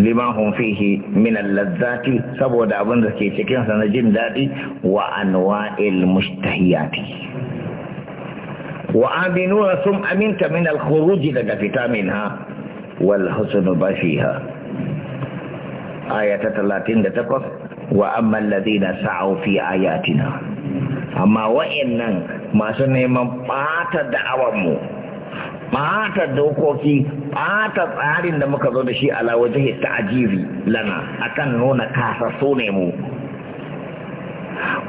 Speaker 2: لما هم فيه من اللذات سبو دا ابن ذكي شكين سنجين دادي وانواع المشتهيات وآمنون ثم أمنت من الخروج لقفتا منها والحسن بفيها آية 38 وأما الذين سعوا في آياتنا أما وإنن ما سنة من بات مو ɓata dokoki ɓata tsarin da muka zo da shi ala waje ajiri lana akan nuna kasassu ne mu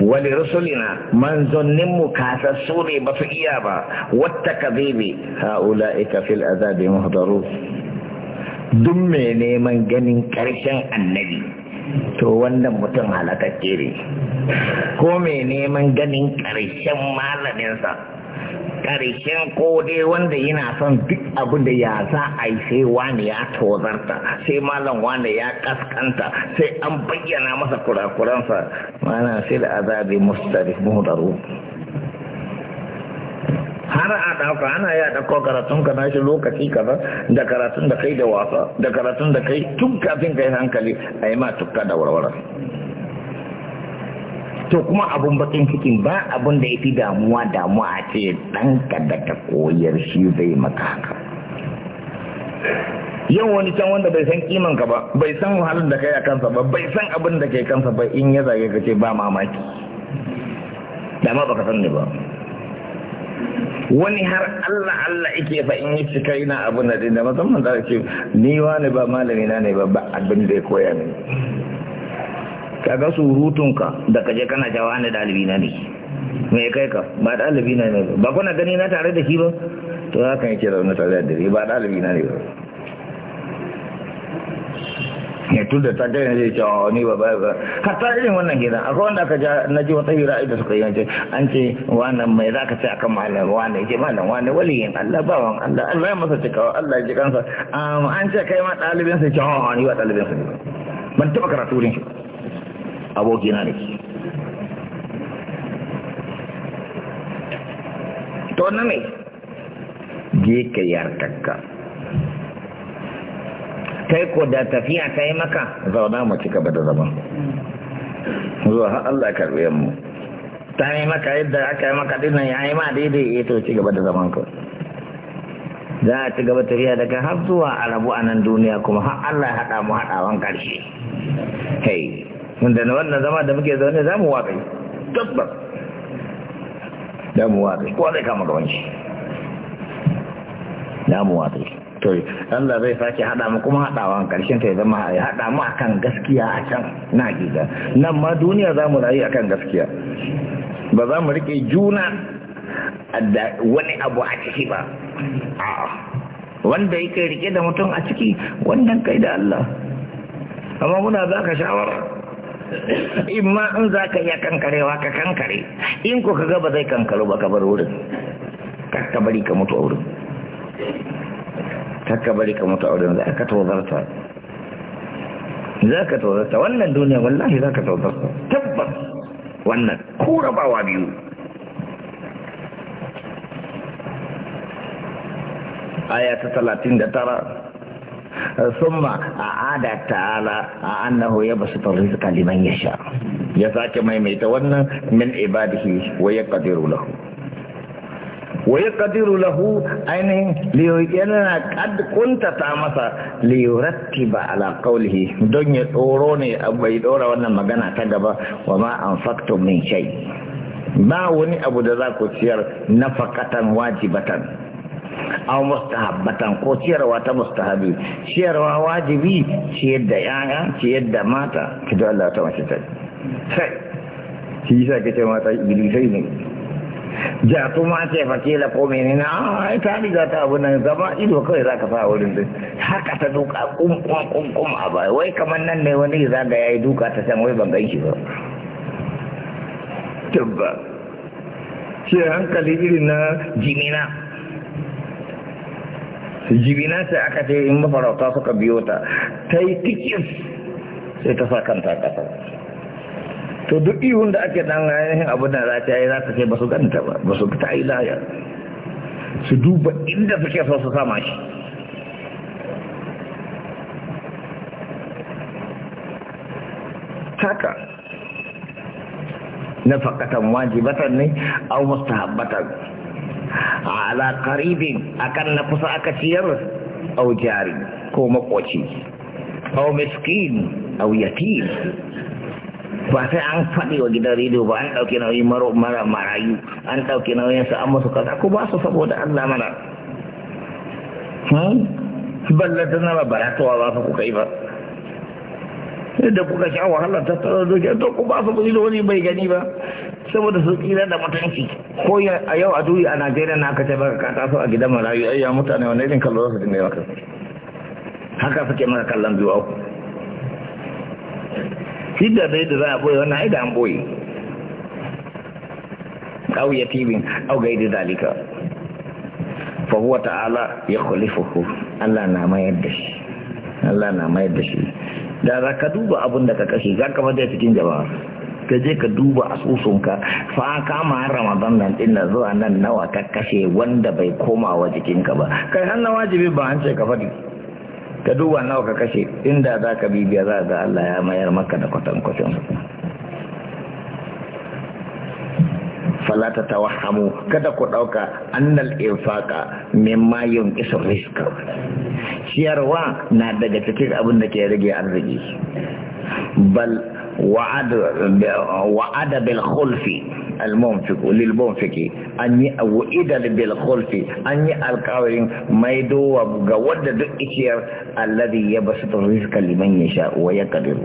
Speaker 2: rasulina rusulina manzanninmu kasassu ne ba su iya ba wata zebe ha'ula ita fil azabi muhdaru duk mai neman ganin ƙarshen annabi to wannan mutum halakakke ne ko mai neman ganin ƙarshen malaminsa ƙarshen ko dai wanda yana son duk abin da ya za a yi sai wani ya tozarta sai malam wani ya ƙasƙanta sai an bayyana masa kurakuransa mana sai da azabi mustarif mudaru har a ɗauka ana ya ɗauko karatun ka nashi lokaci kaza da karatun da kai da wasa da karatun da kai tun kafin kai hankali a yi ma tukka da warwara to kuma abun bakin cikin ba abun da ya fi damuwa damuwa a ce ɗanka da ta koyar shi zai maka haka yau wani can wanda bai san kiman ka ba bai san wahalar da kai a kansa ba bai san abin da kai kansa ba in ya zage ka ce ba mamaki da ma baka san ne ba wani har Allah Allah yake fa in yi cika ina abin da da musamman da ce ni wani ba malami na ne ba ba abin da ya koya mini Ka ga surutunka da kaje kana jawa ne dalibi na ne mai kai ka ba dalibi na ne ba kuna gani na tare da shi ba to yi yake zaune tare da shi ba dalibi na ne ba ne tun da tagar ne zai cewa wani ba bai ba ta irin wannan gida akwai wanda aka na ji wata hira da suka yi wance an ce wannan mai za ka ce akan malam wani ya ce malam Wali yin Allah ba wani Allah Allah ya masa cikawa Allah ya ji kansa an ce kai ma ɗalibin sa cewa wani ba ɗalibin sa ban taɓa karatu wurin shi abokina ne to na ne je ka yartakka kai ko da tafiya ta yi maka zauna mu cika ba da zaman zuwa har Allah karbe mu ta yi maka yadda aka yi maka dinnan ya yi ma daidai ya eh to ci gaba da zaman ka za a ci gaba tafiya daga har zuwa arabu a nan duniya kuma har Allah ya haɗa mu haɗawan ƙarshe hey wanda na wannan zama da muke zaune za mu waƙai tabbas za mu waƙai kowa zai kama gaban shi za mu waƙai to Allah zai sake haɗa mu kuma haɗawa ƙarshen ta ya zama ya haɗa mu akan gaskiya a can na gida nan ma duniya za mu rayu akan gaskiya ba za mu riƙe juna da wani abu a ciki ba wanda yake rike da mutum a ciki wannan kai da Allah amma muna za ka shawara in ma in za ka iya kankarewa ka kankare in ko ka gaba zai kankaru ba ka bar wurin ka bari ka mutu a wurin ka bari ka mutu a wurin za ka tozarta za ka tozarta wannan duniya wallahi za ka tozarta tabbas wannan kura bawa biyu aya ta talatin da tara ثم أعاد تعالى أنه يبسط الرزق لمن يشاء يساك ما يتولى من عباده ويقدر له ويقدر له أن لينا قد كنت تامسا ليرتب على قوله دنيا أوروني أبو يدور وانا مغانا تقبا وما أنفقتم من شيء ما وني abu da za ku ciyar aw mustahabbatan ko ciyarwa ta mustahabi ciyarwa wajibi ciyar da yaya ciyar da mata ki da Allah ta mace ta sai shi yasa ce mata sai ne ja ma ce fakila ko menene a ta riga ta abu nan zama ido kawai zaka fa wurin din haka ta duka kum kum kum kum a bai wai kamar nan ne wani zaga yayi duka ta san wai ban gan shi ba tabba ce hankali irin na jimina jibina sai aka ce in mafarauta suka biyo ta
Speaker 1: ta yi tikis
Speaker 2: sai ta sa kanta to duk ihun da ake dan ainihin abin da za ta yi za ta ce ba su ganta ba ba su ta yi laya su duba inda suke so su sama shi haka na fakatan wajibatan ne au mustahabbatan ala qaribin akan na kusa aka ciyar au jari ko makoci au miskin au yatim ba sai an faɗi wa gidan rediyo ba an ɗauke nauyin mara marayu an ɗauki nauyin su an musu kaza ko ba su saboda Allah mana hmm? ballata na ba baratawa ba fa kuka yi ba da kuka sha wahalar tattara doki to ku ba su kuɗi da wani bai gani ba saboda su tsira da mutunci ko a yau a duyi a najeriya na aka ce baka ka taso a gidan marayu ayya mutane wani irin kallo su dinga maka haka suke maka kallon biyu uku shi da dai da za a boye wannan ai da an boye أو يتيم أو غير da dalika. تعالى يخلفه ya kuli يدش Allah na mayar da za ka duba abin da ka kashe za ka fada cikin jama'a ka je ka duba asusunka fa kama ramadan nan din da zuwa nan nawa ka kashe wanda bai koma wa jikinka ba kai har na wajibi ba an ce ka fadi ka duba nawa ka kashe inda za ka bibiya za ga Allah ya mayar maka da kwatan Falata ta wahamu kada ku ɗauka annal infaka mimma yunqisu rizqa ciyarwa na daga cikin abin da ke rage arziki bal wa'ada bil khulfi al-munfiq lil munfiqi an yi wa'ida bil khulfi an yi alƙawarin maido ga wanda duk ikiyar alladhi yabsutu rizqa liman yasha wa yaqdiru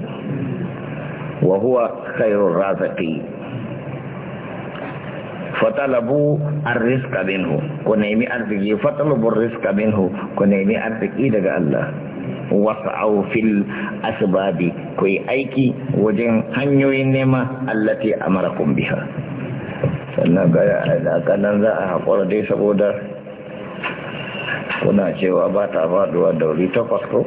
Speaker 2: wa huwa khairur raziqi fatalabu arrizqa minhu ku nemi arziki fatalabu arrizqa minhu ku nemi arziki daga Allah wasa'au fil asbabi ku yi aiki wajen hanyoyin nema allati amarakum biha sannan ga alakanan za a haƙura dai saboda kuna cewa ba ta faɗuwa wuri takwas ko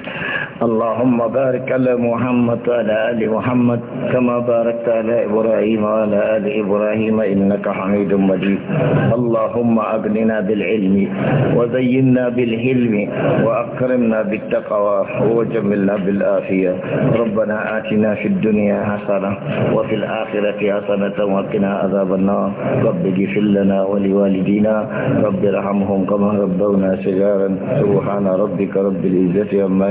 Speaker 2: اللهم بارك على محمد وعلى آل محمد كما باركت على إبراهيم وعلى آل إبراهيم إنك حميد مجيد اللهم أغننا بالعلم وزينا بالحلم وأكرمنا بالتقوى وجملنا بالآفية ربنا آتنا في الدنيا حسنة وفي الآخرة حسنة وقنا عذاب النار رب اغفر لنا ولوالدينا رب ارحمهم كما ربونا صغارا سبحان ربك رب العزة عما